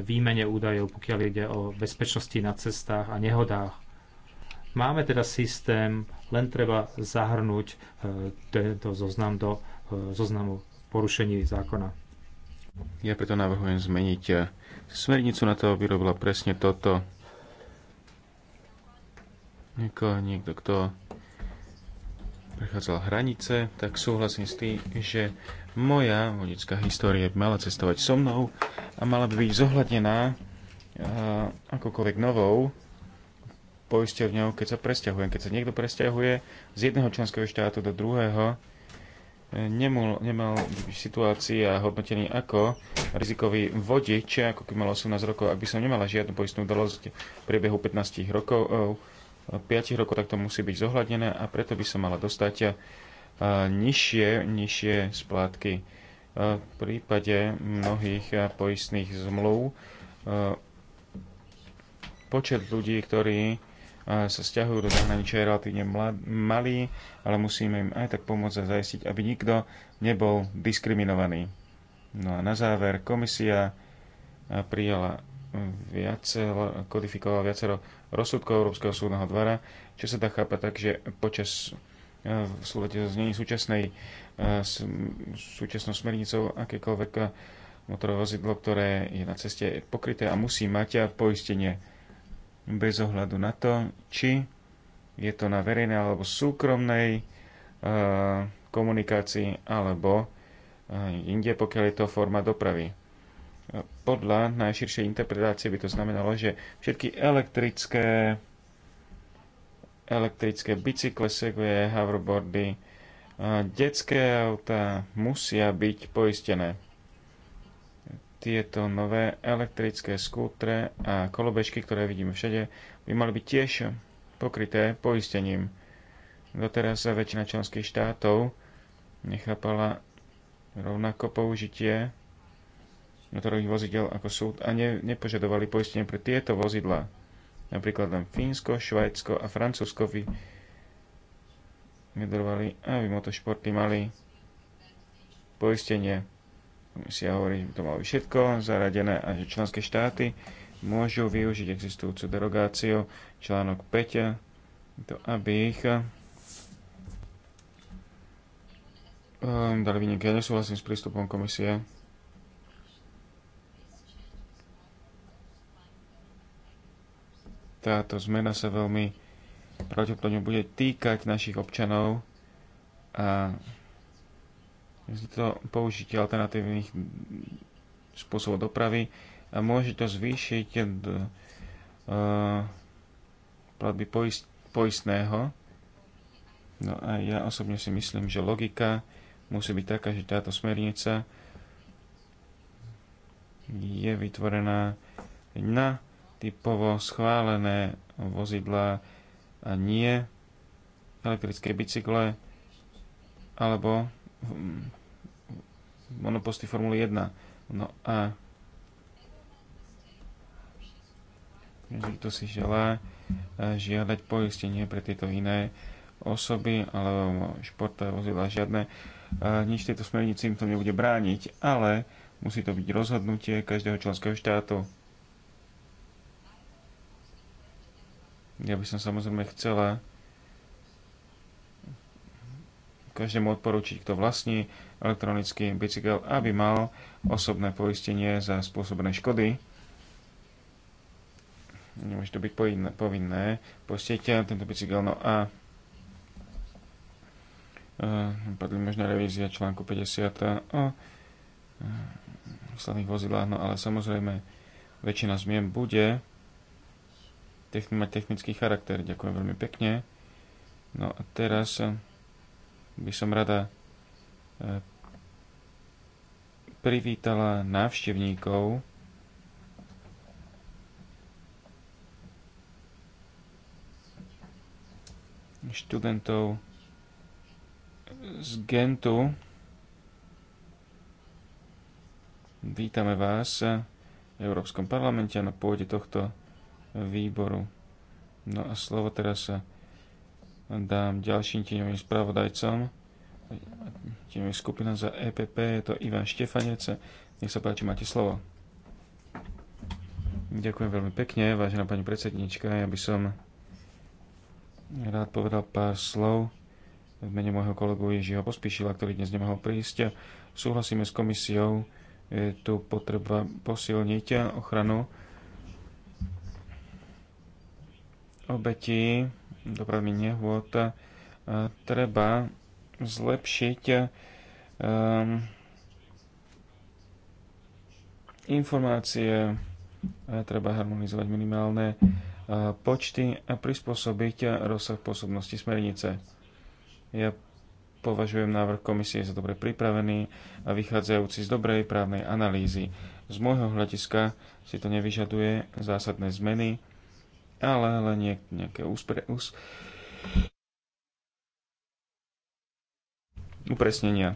výmene údajov, pokiaľ ide o bezpečnosti na cestách a nehodách. Máme teda systém, len treba zahrnúť e, tento zoznam do zoznamu porušení zákona. Ja preto navrhujem zmeniť smernicu na to, aby robila presne toto niekoho, niekto, kto prechádzal hranice, tak súhlasím s tým, že moja vodická história by mala cestovať so mnou a mala by byť zohľadnená akokoľvek novou poisťovňou, keď sa presťahujem. Keď sa niekto presťahuje z jedného členského štátu do druhého, e, nemal, nemal byť situácii a hodnotený ako rizikový vodič, ako keď mal 18 rokov, ak by som nemala žiadnu poistnú udalosť v priebehu 15 rokov, 5 rokov, tak to musí byť zohľadnené a preto by sa mala dostať eh, nižšie, nižšie splátky. Eh, v prípade mnohých eh, poistných zmluv počet ľudí, ktorí sa stiahujú do zahraničia je relatívne malý, ale musíme im aj tak pomôcť a zajistiť, aby nikto nebol diskriminovaný. No a na záver komisia prijala viacero, kodifikovala viacero rozsudkov Európskeho súdneho dvora, čo sa dá chápať tak, že počas e, v súlade so znení súčasnej e, súčasnou smernicou akékoľvek e, motorové vozidlo, ktoré je na ceste pokryté a musí mať poistenie bez ohľadu na to, či je to na verejnej alebo súkromnej komunikácii alebo inde, pokiaľ je to forma dopravy. Podľa najširšej interpretácie by to znamenalo, že všetky elektrické elektrické bicykle, segue, hoverboardy, detské auta musia byť poistené. Tieto nové elektrické skútre a kolobežky, ktoré vidíme všade, by mali byť tiež pokryté poistením. Doteraz sa väčšina členských štátov nechápala rovnako použitie motorových vozidel ako súd a ne, nepožadovali poistenie pre tieto vozidlá. Napríklad len Fínsko, Švajcko a Francúzsko by vydarovali, aby motošporty mali poistenie. Komisia hovorí, že to malo všetko zaradené a že členské štáty môžu využiť existujúcu derogáciu článok 5, to aby ich um, dali vynik. Ja nesúhlasím s prístupom komisie táto zmena sa veľmi pravdepodobne bude týkať našich občanov a to použitie alternatívnych spôsobov dopravy a môže to zvýšiť uh, platby poist, poistného. No a ja osobne si myslím, že logika musí byť taká, že táto smernica je vytvorená na typovo schválené vozidla a nie elektrické bicykle alebo monoposty Formuly 1. No a kto si želá e, žiadať poistenie pre tieto iné osoby alebo športové vozidla žiadne. Nič tejto smernici im to nebude brániť, ale musí to byť rozhodnutie každého členského štátu. Ja by som samozrejme chcela každému odporučiť, kto vlastní elektronický bicykel, aby mal osobné poistenie za spôsobené škody. Nemôže to byť povinné, povinné tento bicykel. No a e, padli možná revízia článku 50 o e, slavných vozidlách, no ale samozrejme väčšina zmien bude mať technický charakter. Ďakujem veľmi pekne. No a teraz eh, by som rada eh, privítala návštevníkov študentov z Gentu. Vítame vás v Európskom parlamente na pôde tohto výboru. No a slovo teraz dám ďalším tieňovým spravodajcom. Tieňovým skupina za EPP je to Ivan Štefanec. Nech sa páči, máte slovo. Ďakujem veľmi pekne, vážená pani predsednička. Ja by som rád povedal pár slov v mene môjho kolegu Ježiho Pospíšila, ktorý dnes nemohol prísť. Súhlasíme s komisiou, je tu potreba posilniť ochranu obetí dopravy nehôd e, treba zlepšiť um, informácie, e, treba harmonizovať minimálne počty a prispôsobiť rozsah pôsobnosti smernice. Ja považujem návrh komisie za dobre pripravený a vychádzajúci z dobrej právnej analýzy. Z môjho hľadiska si to nevyžaduje zásadné zmeny ale, ale nie, nejaké úspre, ús, upresnenia.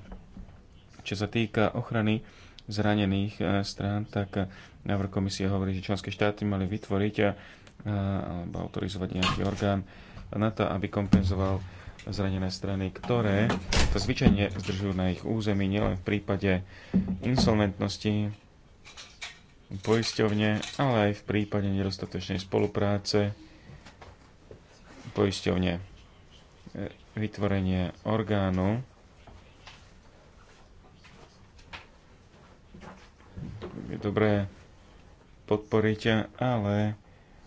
Čo sa týka ochrany zranených eh, strán, tak eh, návrh komisie hovorí, že členské štáty mali vytvoriť a, eh, alebo autorizovať nejaký orgán na to, aby kompenzoval zranené strany, ktoré sa zvyčajne zdržujú na ich území nielen v prípade insolventnosti, poisťovne, ale aj v prípade nedostatočnej spolupráce poisťovne e, vytvorenie orgánu je dobré podporiť, ale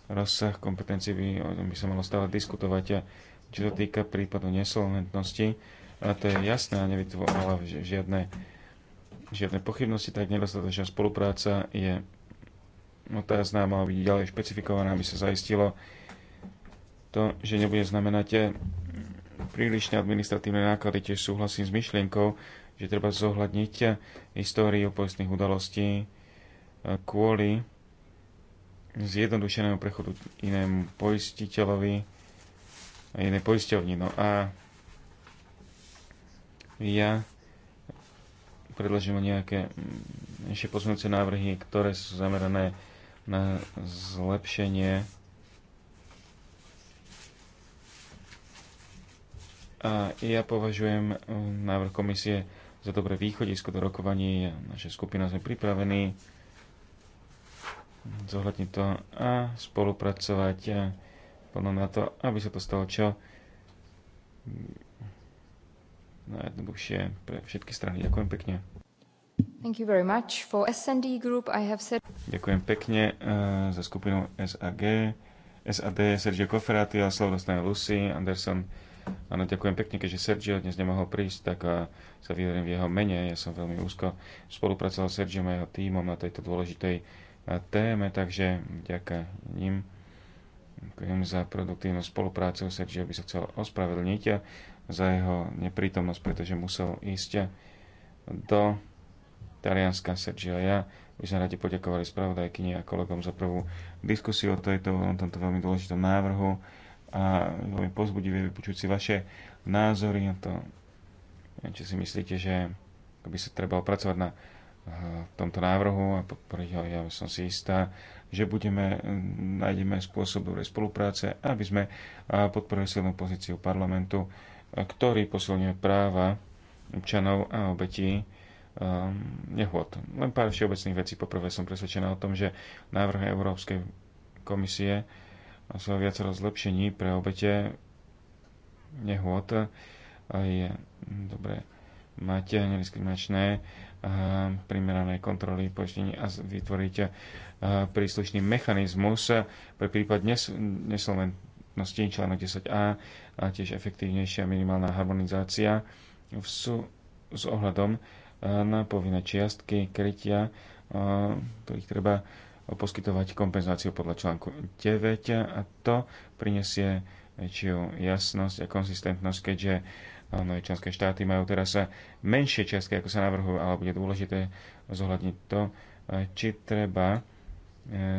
rozsah kompetencií by, by sa malo stále diskutovať. Čo to týka prípadu nesolventnosti, a to je jasné, nevytvorila žiadne, žiadne pochybnosti, tak nedostatočná spolupráca je otázna mala byť ďalej špecifikovaná, aby sa zaistilo to, že nebude znamenať eh, prílišne administratívne náklady. Tiež súhlasím s myšlienkou, že treba zohľadniť eh, históriu poistných udalostí eh, kvôli zjednodušenému prechodu inému poistiteľovi a inej poisťovni. No a ja predložím nejaké ešte mm, pozmeňujúce návrhy, ktoré sú zamerané na zlepšenie a ja považujem um, návrh komisie za dobré východisko do rokovaní. Naša skupina sme pripravení zohľadniť to a spolupracovať plno na to, aby sa to stalo čo najjednoduchšie pre všetky strany. Ďakujem pekne. Thank you very much. For SND Group I have said... Ďakujem pekne uh, za skupinu SAG. SAD Sergio Koferáty a slovnostná Lucy Anderson. Áno, ďakujem pekne, keďže Sergio dnes nemohol prísť, tak uh, sa vyjadrím v jeho mene. Ja som veľmi úzko spolupracoval s Sergiom a jeho tímom na tejto dôležitej uh, téme, takže ďakujem ním. Ďakujem za produktívnu spoluprácu. Sergio by sa chcel ospravedlniť za jeho neprítomnosť, pretože musel ísť do Talianska Sergio a ja. By sme radi poďakovali spravodajkyni a kolegom za prvú diskusiu o, tejto, o tomto veľmi dôležitom návrhu a veľmi pozbudivé vypočuť si vaše názory na to, či si myslíte, že by sa treba opracovať na eh, tomto návrhu a podporiť ho. Ja som si istá, že budeme, hm, nájdeme spôsob dobrej spolupráce, aby sme eh, podporili silnú pozíciu parlamentu, eh, ktorý posilňuje práva občanov a obetí Ehm, nehôd. Len pár všeobecných vecí. Poprvé som presvedčená o tom, že návrh Európskej komisie sú viacero zlepšení pre obete nehôd. Je dobre, máte nediskriminačné ehm, primerané kontroly poistení a vytvoríte ehm, príslušný mechanizmus pre prípad nes- neslovennosti článok 10a a tiež efektívnejšia minimálna harmonizácia v s ohľadom na povinné čiastky krytia, eh, ktorých treba poskytovať kompenzáciu podľa článku 9 a to prinesie väčšiu jasnosť a konzistentnosť, keďže eh, mnohé členské štáty majú teraz menšie čiastky, ako sa navrhujú, ale bude dôležité zohľadniť to, eh, či treba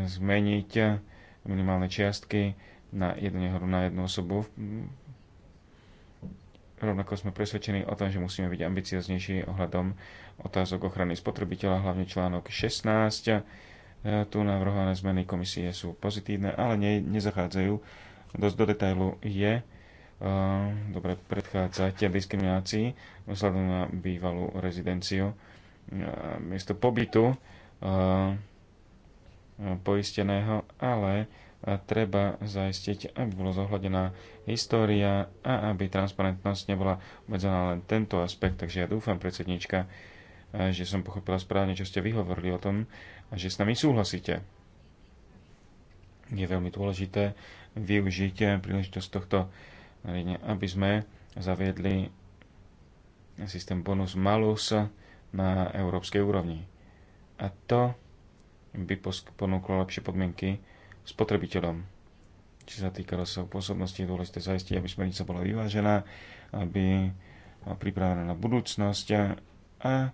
zmeniť minimálne čiastky na jednu nehodu na jednu osobu v Rovnako sme presvedčení o tom, že musíme byť ambicioznejší ohľadom otázok ochrany spotrebiteľa, hlavne článok 16. E, tu navrhované zmeny komisie sú pozitívne, ale ne, nezachádzajú dosť do detailu. Je uh, dobre predchádzať diskriminácii vzhľadom na bývalú rezidenciu. Uh, miesto pobytu uh, poisteného, ale treba zaistiť, aby bola zohľadená história a aby transparentnosť nebola obmedzená len tento aspekt. Takže ja dúfam, predsednička, e, že som pochopila správne, čo ste vyhovorili o tom a že s nami súhlasíte. Je veľmi dôležité využiť príležitosť tohto aby sme zaviedli systém bonus malus na európskej úrovni. A to by ponúklo lepšie podmienky spotrebiteľom. Či sa týka rozsahu pôsobnosti, je dôležité zaistiť, aby smernica bola vyvážená, aby bola pripravená na budúcnosť a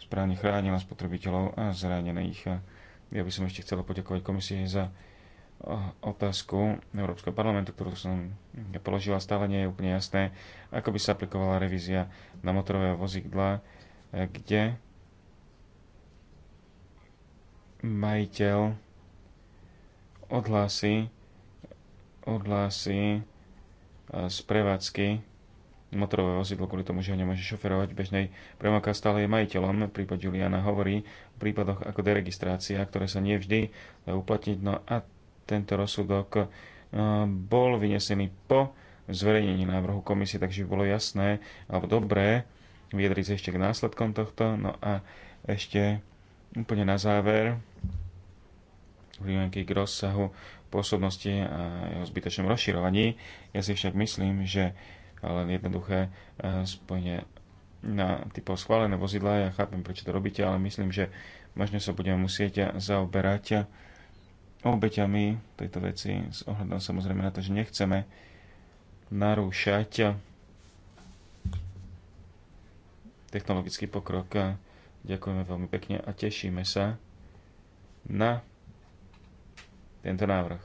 správne chránila spotrebiteľov a zranených. Ja by som ešte chcel poďakovať komisie za otázku Európskeho parlamentu, ktorú som položila, stále nie je úplne jasné, ako by sa aplikovala revízia na motorové vozidla, kde majiteľ odhlási, odhlási z prevádzky motorové vozidlo kvôli tomu, že ho nemôže šoferovať bežnej premoka stále je majiteľom. Prípad Juliana hovorí o prípadoch ako deregistrácia, ktoré sa nevždy dá uplatniť. No a tento rozsudok bol vynesený po zverejnení návrhu komisie, takže bolo jasné alebo dobré vyjadriť sa ešte k následkom tohto. No a ešte úplne na záver pripomienky k rozsahu pôsobnosti a jeho zbytočnom rozširovaní. Ja si však myslím, že len jednoduché eh, spojenie na typov schválené vozidla, ja chápem, prečo to robíte, ale myslím, že možno sa budeme musieť zaoberať obeťami tejto veci s ohľadom samozrejme na to, že nechceme narúšať technologický pokrok. Ďakujeme veľmi pekne a tešíme sa na tento návrh.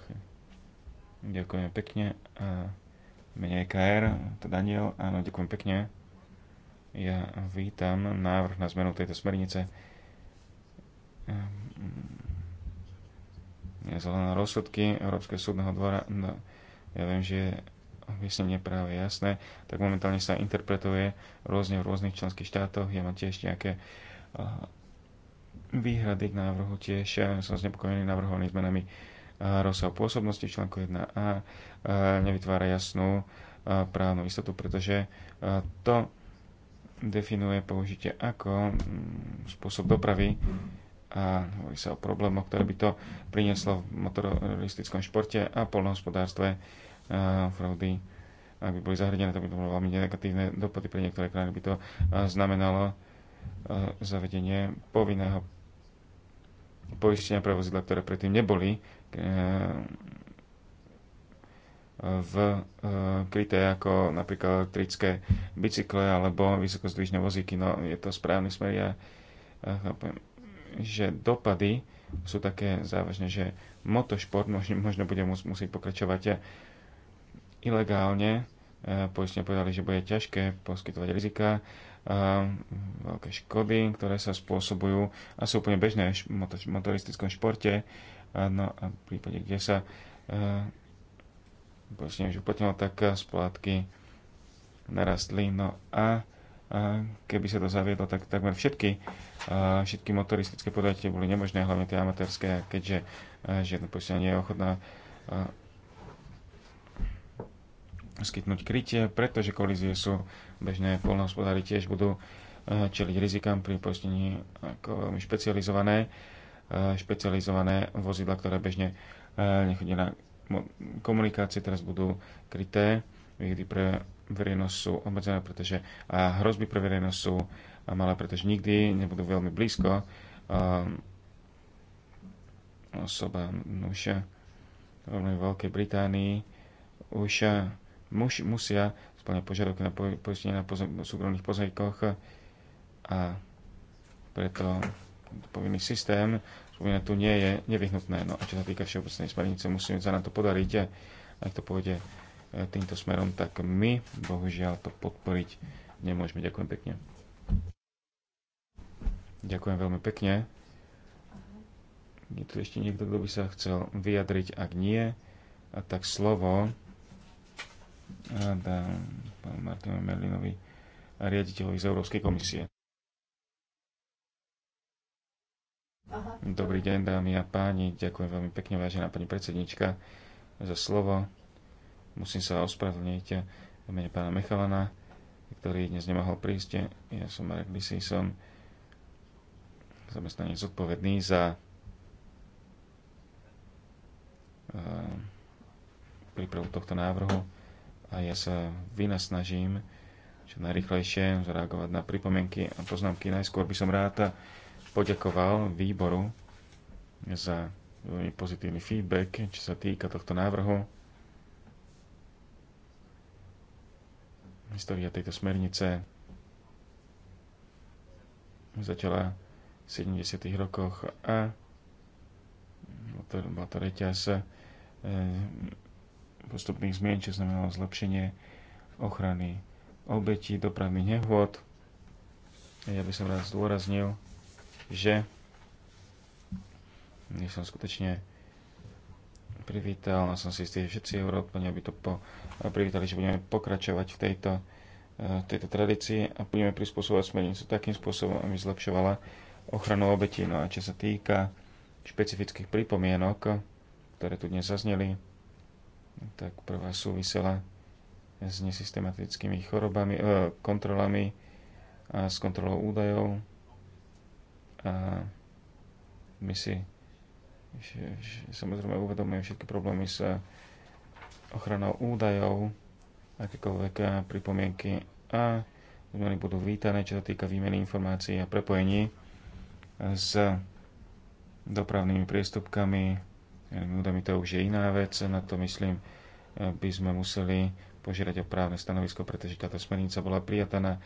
Ďakujem pekne. A menej KR, to Daniel, áno, ďakujem pekne. Ja vítam návrh na zmenu tejto smernice. Ehm, ja zelené rozsudky Európskeho súdneho dvora, no, ja viem, že vyjasnenie práve jasné, tak momentálne sa interpretuje rôzne v rôznych členských štátoch. Ja mám tiež nejaké eh, výhrady k návrhu, tiež ja eh, som znepokojený navrhovaný zmenami rozsahu pôsobnosti článku 1a nevytvára jasnú právnu istotu, pretože to definuje použitie ako mm, spôsob dopravy a hovorí sa o problémoch, ktoré by to prinieslo v motoristickom športe a polnohospodárstve fraudy. Ak by boli zahradené, to by to bolo veľmi negatívne dopady pre niektoré krajiny. By to znamenalo zavedenie povinného poistenia pre vozidla, ktoré predtým neboli eh, v eh, kryté ako napríklad elektrické bicykle alebo vysokozdvižné vozíky. No je to správny smer. Ja eh, chápem, že dopady sú také závažné, že motošport možno, možno bude mus, musieť pokračovať ilegálne. Poistne povedali, že bude ťažké poskytovať rizika veľké škody, ktoré sa spôsobujú a sú úplne bežné v motoristickom športe. No a v prípade, kde sa bočne už uplatnilo, tak splátky narastli. No a keby sa to zaviedlo, tak takmer všetky, všetky motoristické podujatia boli nemožné, hlavne tie amatérske, keďže žiadna poistenia nie je ochotná skytnúť krytie, pretože kolízie sú bežné, polnohospodári tiež budú eh, čeliť rizikám pri poistení ako eh, veľmi špecializované, eh, špecializované vozidla, ktoré bežne nechodí na komunikácie, teraz budú kryté, výhody pre verejnosť sú obmedzené, pretože a hrozby pre verejnosť sú malé, pretože nikdy nebudú veľmi blízko ehm, osoba, už veľmi Veľkej Británii, už muž, musia splňať požiadavky na poistenie na pozem, súkromných pozemkoch a preto povinný systém spomínať tu nie je nevyhnutné. No a čo sa týka všeobecnej smernice, musíme sa na to podariť. Ak to pôjde e, týmto smerom, tak my bohužiaľ to podporiť nemôžeme. Ďakujem pekne. Ďakujem veľmi pekne. Je tu ešte niekto, kto by sa chcel vyjadriť, ak nie, a tak slovo dám pánu Martinu Merlinovi, riaditeľovi z Európskej komisie. Aha. Dobrý deň, dámy a páni. Ďakujem veľmi pekne, vážená pani predsednička, za slovo. Musím sa ospravedlniť v mene pána Mechalana, ktorý dnes nemohol prísť. Ja som Marek Lisi, som zamestnanec zodpovedný za eh, prípravu tohto návrhu a ja sa vynasnažím čo najrychlejšie zareagovať na pripomienky a poznámky. Najskôr by som rád poďakoval výboru za veľmi pozitívny feedback, čo sa týka tohto návrhu. História tejto smernice začala v 70. rokoch a bola to, bol to reťaz eh, postupných zmien, čo znamenalo zlepšenie ochrany obetí dopravných nehôd. Ja by som rád zdôraznil, že ja som skutočne privítal a som si istý, že všetci Európania by to po, privítali, že budeme pokračovať v tejto, uh, tejto tradícii a budeme prispôsobovať smernicu takým spôsobom, aby zlepšovala ochranu obetí. No a čo sa týka špecifických pripomienok, ktoré tu dnes zazneli, tak prvá súvisela s nesystematickými chorobami, e, kontrolami a s kontrolou údajov. A my si že, že, samozrejme uvedomujeme všetky problémy s ochranou údajov, akékoľvek pripomienky a zmeny budú vítané, čo sa týka výmeny informácií a prepojení s dopravnými priestupkami, Nuda mi to už je iná vec, na to myslím, eh, by sme museli požiadať o právne stanovisko, pretože táto smernica bola prijatá na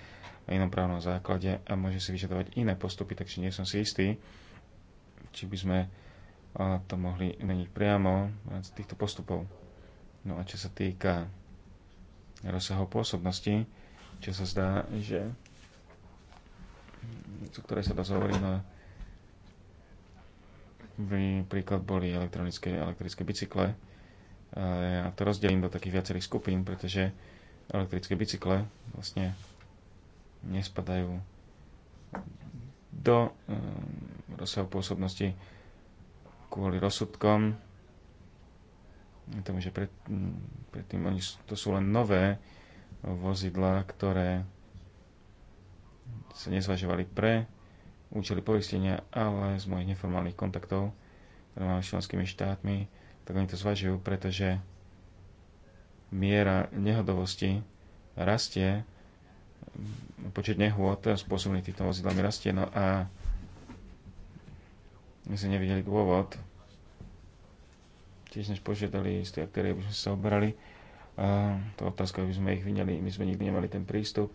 inom právnom základe a môže si vyžadovať iné postupy, takže nie som si istý, či by sme eh, to mohli meniť priamo z týchto postupov. No a čo sa týka rozsahov pôsobnosti, čo sa zdá, že ktoré sa dosť na no Príklad boli elektronické, elektrické bicykle. Ja to rozdelím do takých viacerých skupín, pretože elektrické bicykle vlastne nespadajú do um, rozsahu pôsobnosti kvôli rozsudkom. Tomu, že pred, predtým oni, to sú len nové vozidlá, ktoré sa nezvažovali pre účely poistenia, ale z mojich neformálnych kontaktov, ktoré mám s členskými štátmi, tak oni to zvažujú, pretože miera nehodovosti rastie, počet nehôd spôsobených týmto vozidlami rastie, no a my sme nevideli dôvod, tiež než požiadali tej aktéry, aby sme sa obrali, to otázka, aby sme ich vyňali, my sme nikdy nemali ten prístup,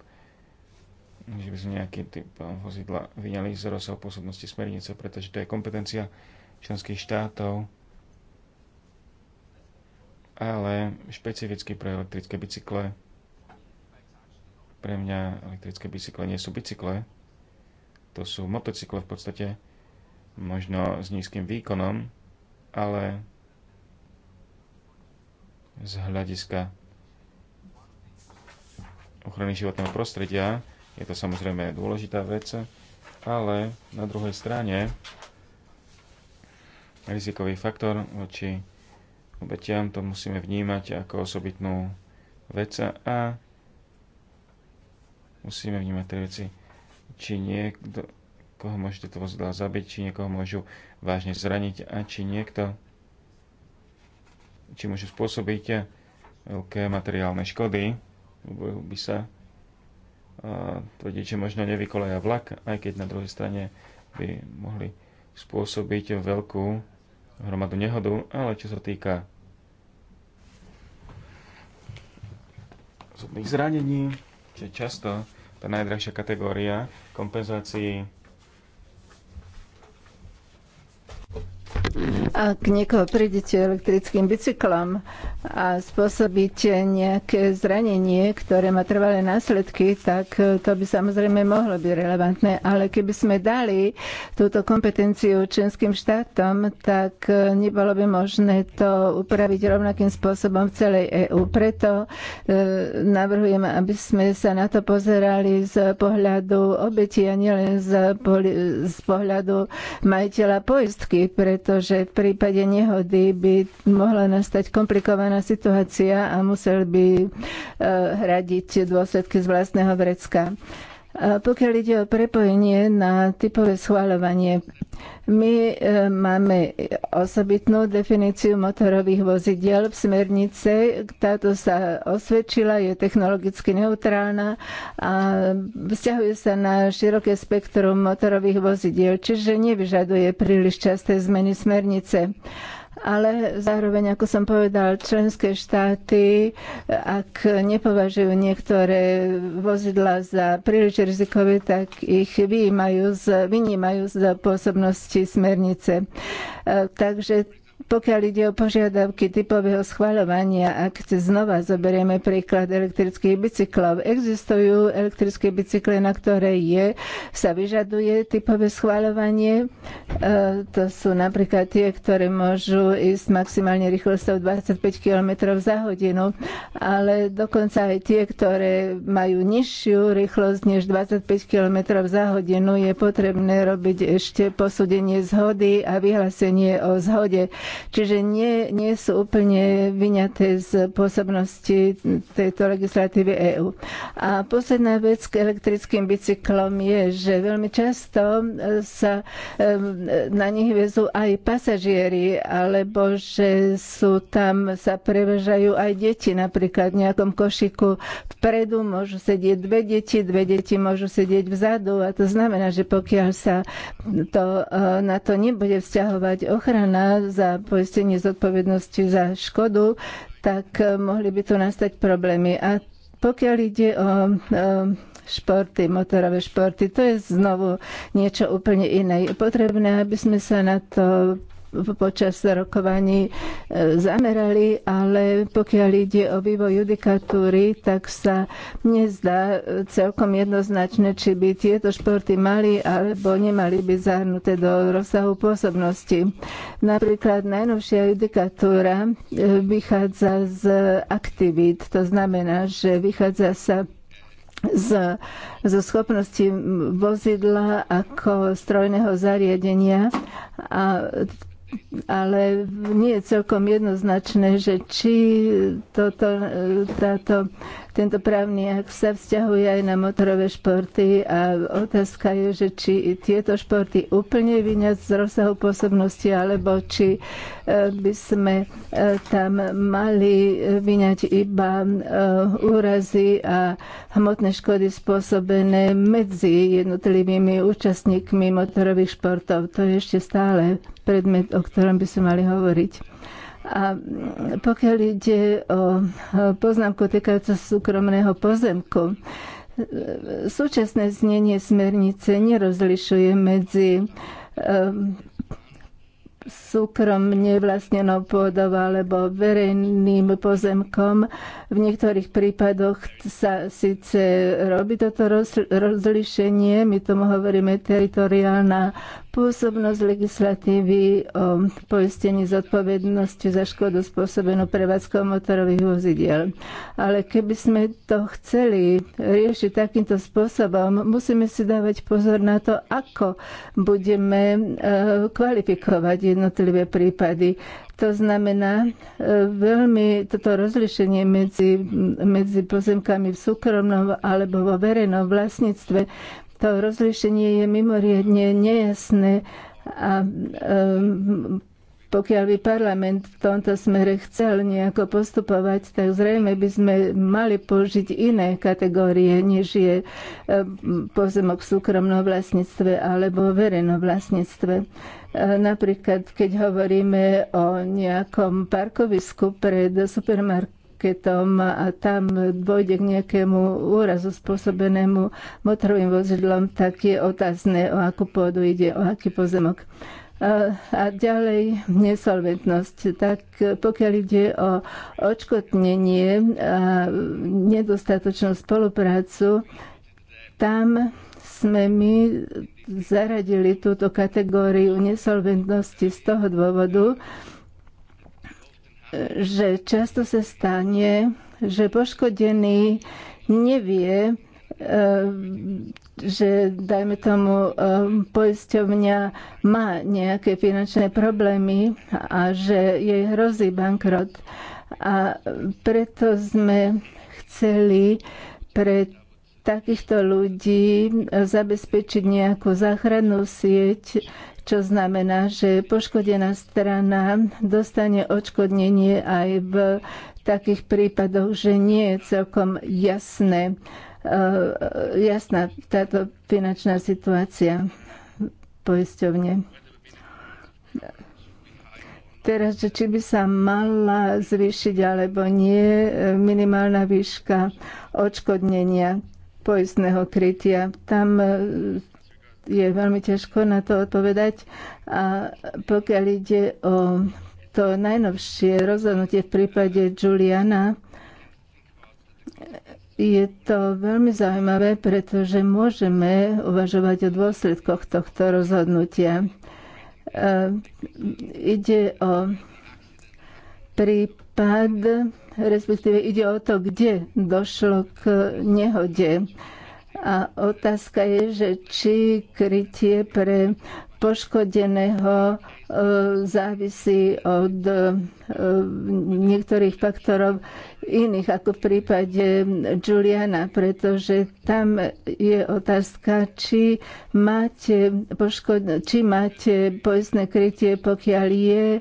že by sme nejaký typ vozidla vyňali z rozsahu pôsobnosti smernice, pretože to je kompetencia členských štátov, ale špecificky pre elektrické bicykle. Pre mňa elektrické bicykle nie sú bicykle, to sú motocykle v podstate, možno s nízkym výkonom, ale z hľadiska ochrany životného prostredia je to samozrejme dôležitá vec, ale na druhej strane rizikový faktor voči obetiam to musíme vnímať ako osobitnú vec a musíme vnímať tie veci, či niekto, koho môže tieto vozidla zabiť, či niekoho môžu vážne zraniť a či niekto, či môžu spôsobiť veľké materiálne škody, by sa tvrdiť, že možno nevykolaja vlak, aj keď na druhej strane by mohli spôsobiť veľkú hromadu nehodu, ale čo sa týka zubných zranení, čo je často tá najdrahšia kategória kompenzácií ak niekoho prídete elektrickým bicyklom a spôsobíte nejaké zranenie, ktoré má trvalé následky, tak e, to by samozrejme mohlo byť relevantné. Ale keby sme dali túto kompetenciu členským štátom, tak e, nebolo by možné to upraviť rovnakým spôsobom v celej EÚ. Preto e, navrhujem, aby sme sa na to pozerali z pohľadu obeti a nielen z, pohľadu majiteľa poistky, pretože v prípade nehody by mohla nastať komplikovaná situácia a musel by eh, hradiť dôsledky z vlastného vrecka. Pokiaľ ide o prepojenie na typové schváľovanie, my e, máme osobitnú definíciu motorových vozidiel v smernice. Táto sa osvedčila, je technologicky neutrálna a vzťahuje sa na široké spektrum motorových vozidiel, čiže nevyžaduje príliš časté zmeny smernice ale zároveň, ako som povedal, členské štáty, ak nepovažujú niektoré vozidla za príliš rizikové, tak ich vynímajú z, vynímajú z pôsobnosti smernice. E, takže pokiaľ ide o požiadavky typového schvaľovania, ak znova zoberieme príklad elektrických bicyklov, existujú elektrické bicykle, na ktoré je, sa vyžaduje typové schvaľovanie. E, to sú napríklad tie, ktoré môžu ísť maximálne rýchlosťou 25 km za hodinu, ale dokonca aj tie, ktoré majú nižšiu rýchlosť než 25 km za hodinu, je potrebné robiť ešte posúdenie zhody a vyhlásenie o zhode Čiže nie, nie sú úplne vyňaté z pôsobnosti tejto legislatívy EÚ. A posledná vec k elektrickým bicyklom je, že veľmi často e, sa e, na nich vezú aj pasažieri, alebo že sú tam, sa prevežajú aj deti, napríklad v nejakom košiku vpredu môžu sedieť dve deti, dve deti môžu sedieť vzadu a to znamená, že pokiaľ sa to, e, na to nebude vzťahovať ochrana za za poistenie zodpovednosti za škodu, tak eh, mohli by tu nastať problémy. A pokiaľ ide o eh, športy, motorové športy, to je znovu niečo úplne iné. Je potrebné, aby sme sa na to počas rokovaní e, zamerali, ale pokiaľ ide o vývoj judikatúry, tak sa nezdá e, celkom jednoznačné, či by tieto športy mali alebo nemali byť zahrnuté do rozsahu pôsobnosti. Napríklad najnovšia judikatúra e, vychádza z aktivít, to znamená, že vychádza sa z, zo schopnosti vozidla ako strojného zariadenia a ale nie je celkom jednoznačné, že či toto, táto, tento právny akt sa vzťahuje aj na motorové športy a otázka je, že či tieto športy úplne vyňať z rozsahu pôsobnosti, alebo či e, by sme e, tam mali vyňať iba e, úrazy a hmotné škody spôsobené medzi jednotlivými účastníkmi motorových športov. To je ešte stále predmet, o ktorom by sme mali hovoriť. A pokiaľ ide o poznámku týkajúca súkromného pozemku, súčasné znenie smernice nerozlišuje medzi e, súkromne vlastnenou pôdou alebo verejným pozemkom. V niektorých prípadoch sa síce robí toto rozlišenie, my tomu hovoríme teritoriálna Pôsobnosť legislatívy o um, poistení zodpovednosti za škodu spôsobenú prevádzkou motorových vozidiel. Ale keby sme to chceli riešiť takýmto spôsobom, musíme si dávať pozor na to, ako budeme uh, kvalifikovať jednotlivé prípady. To znamená, uh, veľmi toto rozlišenie medzi, medzi pozemkami v súkromnom alebo vo verejnom vlastníctve to rozlišenie je mimoriadne nejasné a um, pokiaľ by parlament v tomto smere chcel nejako postupovať, tak zrejme by sme mali použiť iné kategórie, než je e, pozemok v súkromnom vlastníctve alebo verejnom vlastníctve. E, napríklad, keď hovoríme o nejakom parkovisku pred supermarketom, raketom a tam dôjde k nejakému úrazu spôsobenému motorovým vozidlom, tak je otázne, o akú pôdu ide, o aký pozemok. A, a ďalej nesolventnosť. Tak e, pokiaľ ide o odškotnenie a nedostatočnú spoluprácu, tam sme my zaradili túto kategóriu nesolventnosti z toho dôvodu, že často sa stane, že poškodený nevie, eh, že dajme tomu eh, poisťovňa má nejaké finančné problémy a že jej hrozí bankrot. A preto sme chceli pred takýchto ľudí zabezpečiť nejakú záchrannú sieť, čo znamená, že poškodená strana dostane odškodnenie aj v takých prípadoch, že nie je celkom jasné, e, jasná táto finančná situácia poisťovne. Teraz, že či by sa mala zvýšiť alebo nie e, minimálna výška odškodnenia poistného krytia. Tam e, je veľmi ťažko na to odpovedať. A pokiaľ ide o to najnovšie rozhodnutie v prípade Juliana, je to veľmi zaujímavé, pretože môžeme uvažovať o dôsledkoch tohto rozhodnutia. E, ide o prípad, pád, respektíve ide o to, kde došlo k nehode. A otázka je, že či krytie pre poškodeného e, závisí od e, niektorých faktorov iných, ako v prípade Juliana, pretože tam je otázka, či máte, poškod- či máte poistné krytie, pokiaľ je e,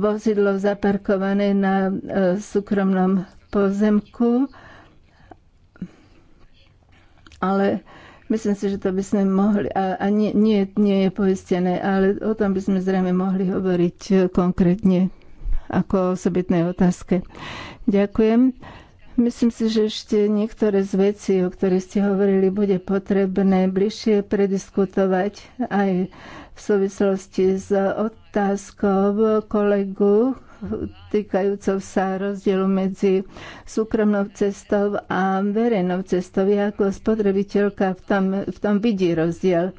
vozidlo zaparkované na súkromnom pozemku, ale Myslím si, že to by sme mohli, a, a nie, nie, nie je poistené, ale o tom by sme zrejme mohli hovoriť e, konkrétne ako o osobitnej otázke. Ďakujem. Myslím si, že ešte niektoré z vecí, o ktorých ste hovorili, bude potrebné bližšie prediskutovať aj v súvislosti s otázkou kolegu, týkajúcou sa rozdielu medzi súkromnou cestou a verejnou cestou. Ja ako spotrebiteľka v tom, v tom vidí rozdiel.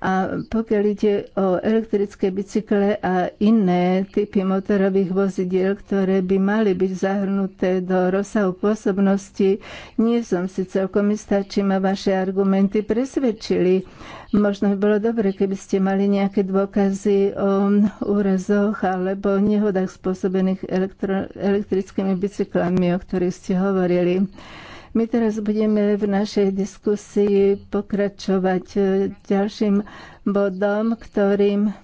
A pokiaľ ide o elektrické bicykle a iné typy motorových vozidiel, ktoré by mali byť zahrnuté do rozsahu pôsobnosti, nie som si celkom istá, či ma vaše argumenty presvedčili. Možno by bolo dobre, keby ste mali nejaké dôkazy o úrazoch alebo nehodách spôsobených elektro, elektrickými bicyklami, o ktorých ste hovorili. My teraz budeme v našej diskusii pokračovať e, ďalším bodom, ktorým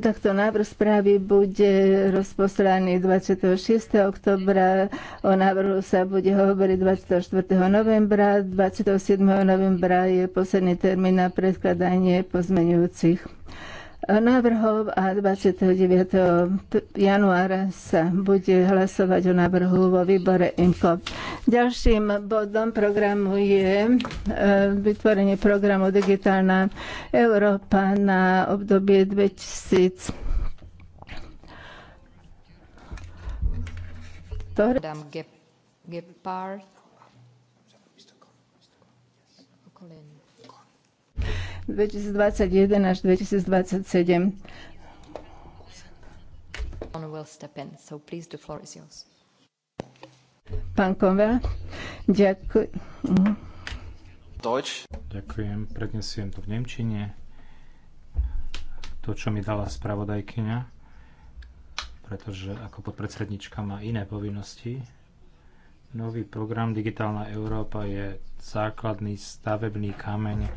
Takto návrh správy bude rozposlaný 26. oktobra, o návrhu sa bude hovoriť 24. novembra, 27. novembra je posledný termín na predkladanie pozmenujúcich návrhov a 29. januára sa bude hlasovať o návrhu vo výbore INFO. Ďalším bodom programu je e, vytvorenie programu Digitálna Európa na obdobie 2000 Dr. Gepard 2021 až 2027. Pán Konvera, ďakujem. Mhm. Ďakujem, prednesiem to v Nemčine. To, čo mi dala spravodajkyňa, pretože ako podpredsednička má iné povinnosti. Nový program Digitálna Európa je základný stavebný kameň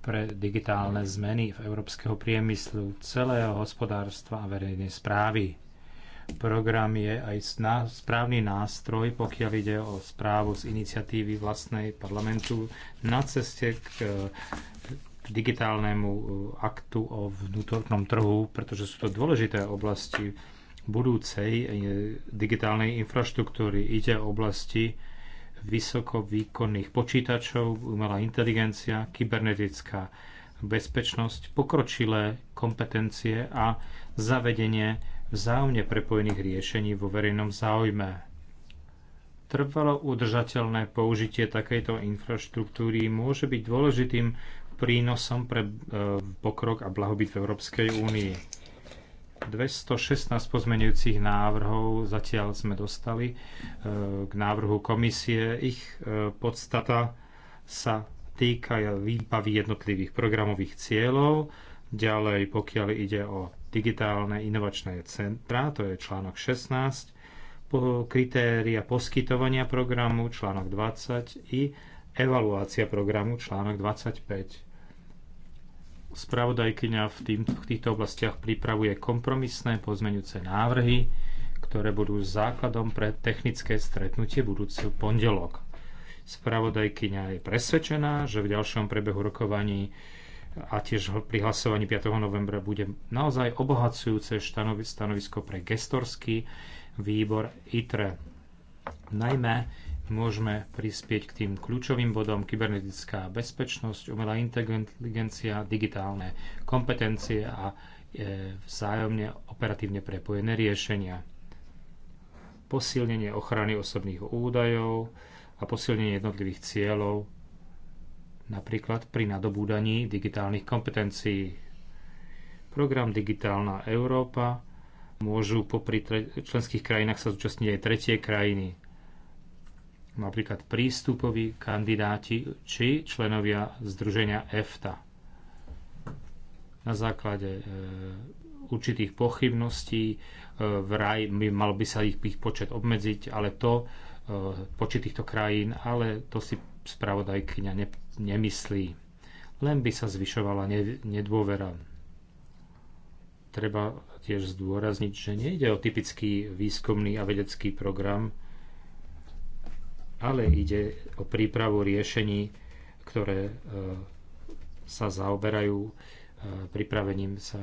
pre digitálne zmeny v európskeho priemyslu, celého hospodárstva a verejnej správy. Program je aj správny nástroj, pokiaľ ide o správu z iniciatívy vlastnej parlamentu na ceste k e, digitálnemu e, aktu o vnútornom trhu, pretože sú to dôležité oblasti budúcej e, digitálnej infraštruktúry. Ide o oblasti, vysokovýkonných počítačov, umelá inteligencia, kybernetická bezpečnosť, pokročilé kompetencie a zavedenie vzájomne prepojených riešení vo verejnom záujme. Trvalo udržateľné použitie takejto infraštruktúry môže byť dôležitým prínosom pre e, pokrok a blahobyt v Európskej únii 216 pozmenujúcich návrhov zatiaľ sme dostali e, k návrhu komisie. Ich e, podstata sa týka výbavy jednotlivých programových cieľov. Ďalej, pokiaľ ide o digitálne inovačné centra, to je článok 16, kritéria poskytovania programu, článok 20 i evaluácia programu, článok 25. Spravodajkyňa v, tým, v týchto oblastiach pripravuje kompromisné pozmeňujúce návrhy, ktoré budú základom pre technické stretnutie budúci pondelok. Spravodajkyňa je presvedčená, že v ďalšom prebehu rokovaní a tiež pri hlasovaní 5. novembra bude naozaj obohacujúce stanovisko pre gestorský výbor ITRE. Najmä môžeme prispieť k tým kľúčovým bodom kybernetická bezpečnosť, umelá inteligencia, digitálne kompetencie a e, vzájomne operatívne prepojené riešenia. Posilnenie ochrany osobných údajov a posilnenie jednotlivých cieľov, napríklad pri nadobúdaní digitálnych kompetencií. Program Digitálna Európa môžu popri členských krajinách sa zúčastniť aj tretie krajiny napríklad prístupoví kandidáti či členovia združenia EFTA. Na základe e, určitých pochybností e, by mal by sa ich, ich počet obmedziť, ale to e, počet týchto krajín, ale to si spravodajkyňa ne, nemyslí. Len by sa zvyšovala ne, nedôvera. Treba tiež zdôrazniť, že nejde o typický výskumný a vedecký program, ale ide o prípravu riešení, ktoré e, sa zaoberajú e, pripravením sa,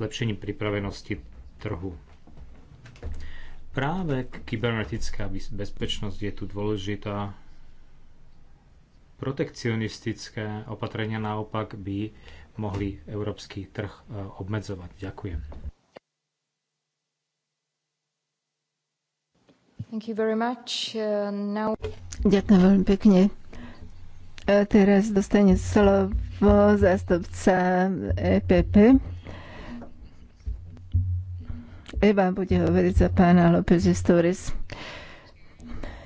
zlepšením pripravenosti trhu. Práve kybernetická bezpečnosť je tu dôležitá. Protekcionistické opatrenia naopak by mohli európsky trh e, obmedzovať. Ďakujem. Uh, Ďakujem veľmi pekne. teraz dostane slovo zástupca EPP. Eva bude hovoriť za pána López Stories.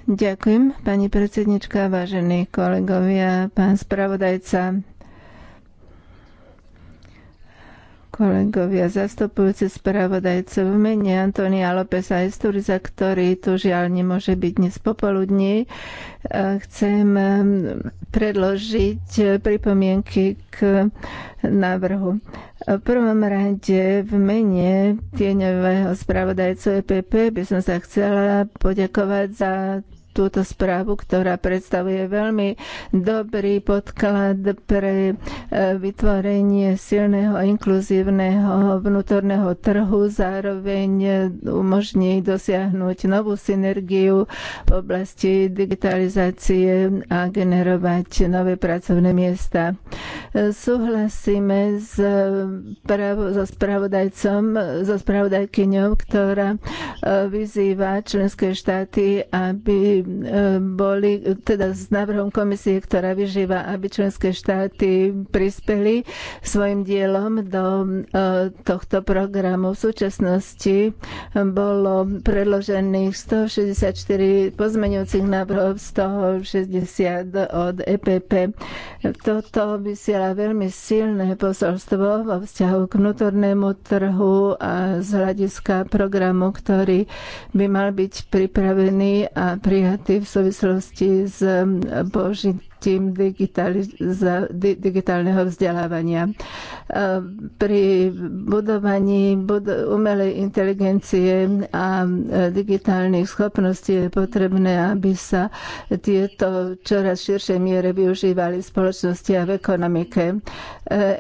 Ďakujem, pani predsednička, vážení kolegovia, pán spravodajca. kolegovia zastupujúci spravodajcov v mene Antonia Lópeza Esturiza, ktorý tu žiaľ nemôže byť dnes popoludní. Eh, chcem eh, predložiť eh, pripomienky k návrhu. V prvom rade v mene tieňového spravodajcu EPP by som sa chcela poďakovať za túto správu, ktorá predstavuje veľmi dobrý podklad pre e, vytvorenie silného inkluzívneho vnútorného trhu, zároveň e, umožní dosiahnuť novú synergiu v oblasti digitalizácie a generovať nové pracovné miesta. E, súhlasíme s, pravo, so spravodajcom, so spravodajkyňou, ktorá vyzýva členské štáty, aby boli, teda s návrhom komisie, ktorá vyžíva, aby členské štáty prispeli svojim dielom do e, tohto programu. V súčasnosti bolo predložených 164 pozmeňujúcich návrhov, 160 od EPP. Toto vysiela veľmi silné posolstvo vo vzťahu k vnútornému trhu a z hľadiska programu, ktorý by mal byť pripravený a prijatý poňatý v súvislosti s Božím eh, tým digitálneho vzdelávania. E, pri budovaní umelej inteligencie a e, digitálnych schopností je potrebné, aby sa tieto čoraz širšej miere využívali v spoločnosti a v ekonomike. E,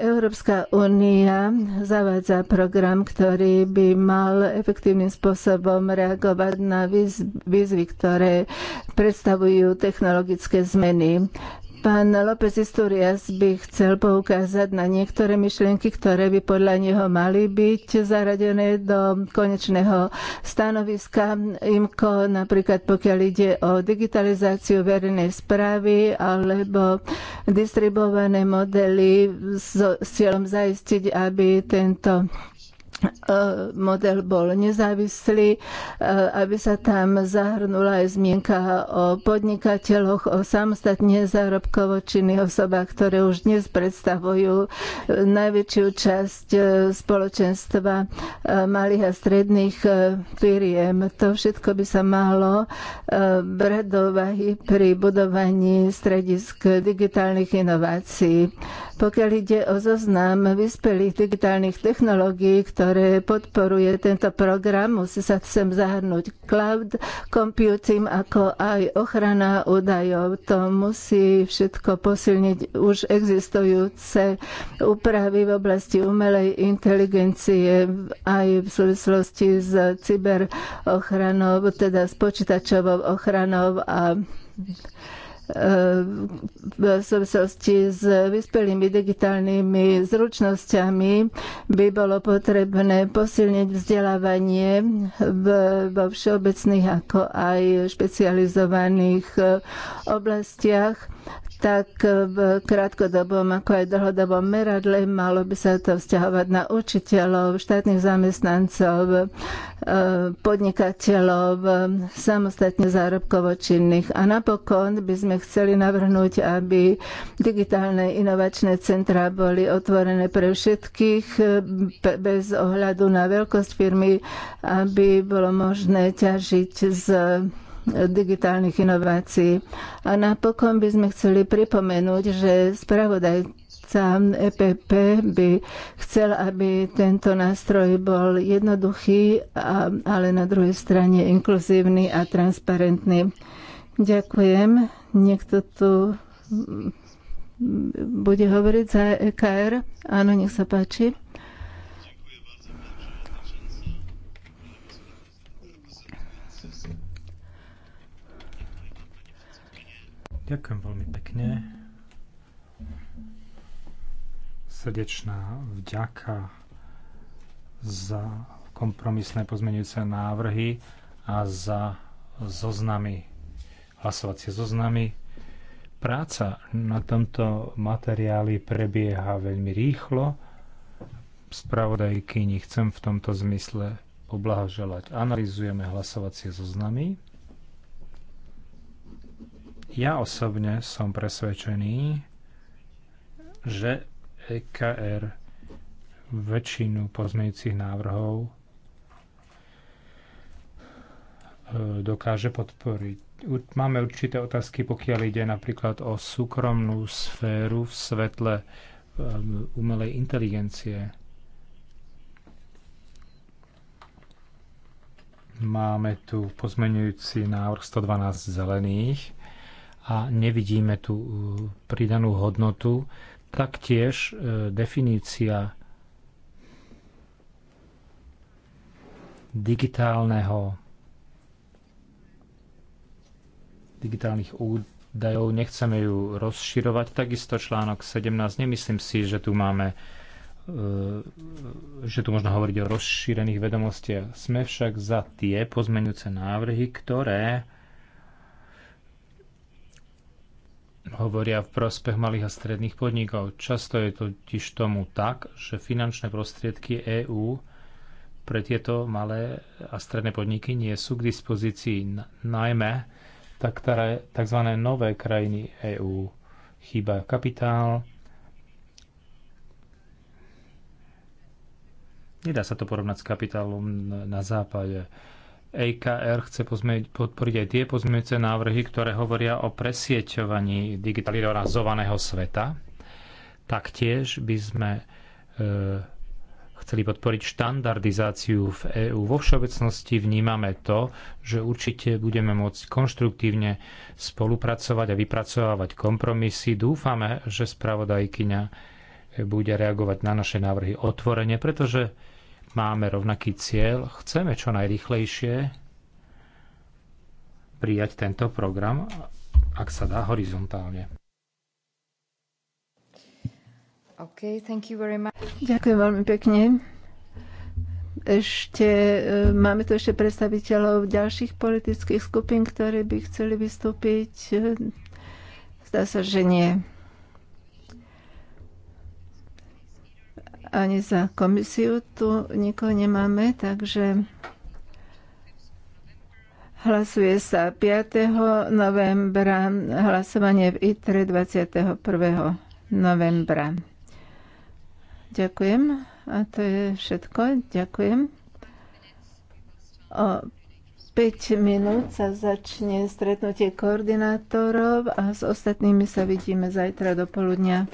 Európska únia zavádza program, ktorý by mal efektívnym spôsobom reagovať na výzvy, ktoré predstavujú technologické zmeny. Pán López Isturias by chcel poukázať na niektoré myšlienky, ktoré by podľa neho mali byť zaradené do konečného stanoviska IMCO, napríklad pokiaľ ide o digitalizáciu verejnej správy alebo distribuované modely s cieľom zaistiť, aby tento E, model bol nezávislý, e, aby sa tam zahrnula aj zmienka o podnikateľoch, o samostatne zárobkovo činných osobách, ktoré už dnes predstavujú e, najväčšiu časť spoločenstva malých a stredných firiem. To všetko by sa malo brať do váhy pri budovaní stredisk digitálnych inovácií. Pokiaľ ide o zoznam vyspelých digitálnych technológií, ktoré ktoré podporuje tento program. Musí sa sem zahrnúť cloud computing, ako aj ochrana údajov. To musí všetko posilniť už existujúce úpravy v oblasti umelej inteligencie aj v súvislosti s cyberochranou, teda s počítačovou ochranou a v súvislosti s vyspelými digitálnymi zručnosťami by bolo potrebné posilniť vzdelávanie vo všeobecných ako aj špecializovaných oblastiach tak v krátkodobom ako aj dlhodobom meradle malo by sa to vzťahovať na učiteľov, štátnych zamestnancov, e, podnikateľov, samostatne zárobkovo činných. A napokon by sme chceli navrhnúť, aby digitálne inovačné centra boli otvorené pre všetkých e, bez ohľadu na veľkosť firmy, aby bolo možné ťažiť z digitálnych inovácií. A napokon by sme chceli pripomenúť, že spravodajca EPP by chcel, aby tento nástroj bol jednoduchý, ale na druhej strane inkluzívny a transparentný. Ďakujem. Niekto tu bude hovoriť za EKR? Áno, nech sa páči. Ďakujem veľmi pekne. Srdečná vďaka za kompromisné pozmenujúce návrhy a za zoznamy, hlasovacie zoznamy. Práca na tomto materiáli prebieha veľmi rýchlo. Spravodajkyni chcem v tomto zmysle poblahoželať. Analizujeme hlasovacie zoznamy. Ja osobne som presvedčený, že EKR väčšinu pozmeňujúcich návrhov e, dokáže podporiť. Máme určité otázky, pokiaľ ide napríklad o súkromnú sféru v svetle e, umelej inteligencie. Máme tu pozmenujúci návrh 112 zelených a nevidíme tu uh, pridanú hodnotu. Taktiež uh, definícia digitálneho digitálnych údajov, nechceme ju rozširovať. Takisto článok 17, nemyslím si, že tu máme uh, že tu možno hovoriť o rozšírených vedomostiach. Sme však za tie pozmeňujúce návrhy, ktoré hovoria v prospech malých a stredných podnikov. Často je totiž tomu tak, že finančné prostriedky EÚ pre tieto malé a stredné podniky nie sú k dispozícii, najmä tzv. nové krajiny EÚ. Chýba kapitál, Nedá sa to porovnať s kapitálom na západe. EKR chce podporiť aj tie pozmeňujúce návrhy, ktoré hovoria o presieťovaní digitalizovaného sveta. Taktiež by sme e, chceli podporiť štandardizáciu v EÚ. Vo všeobecnosti vnímame to, že určite budeme môcť konštruktívne spolupracovať a vypracovávať kompromisy. Dúfame, že spravodajkyňa bude reagovať na naše návrhy otvorene, pretože máme rovnaký cieľ, chceme čo najrychlejšie prijať tento program, ak sa dá horizontálne. Okay, thank you very much. Ďakujem veľmi pekne. Ešte e, máme tu ešte predstaviteľov ďalších politických skupín, ktorí by chceli vystúpiť. E, zdá sa, že nie. ani za komisiu tu nikoho nemáme, takže hlasuje sa 5. novembra, hlasovanie v ITRE 21. novembra. Ďakujem. A to je všetko. Ďakujem. O 5 minút sa začne stretnutie koordinátorov a s ostatnými sa vidíme zajtra do poludnia.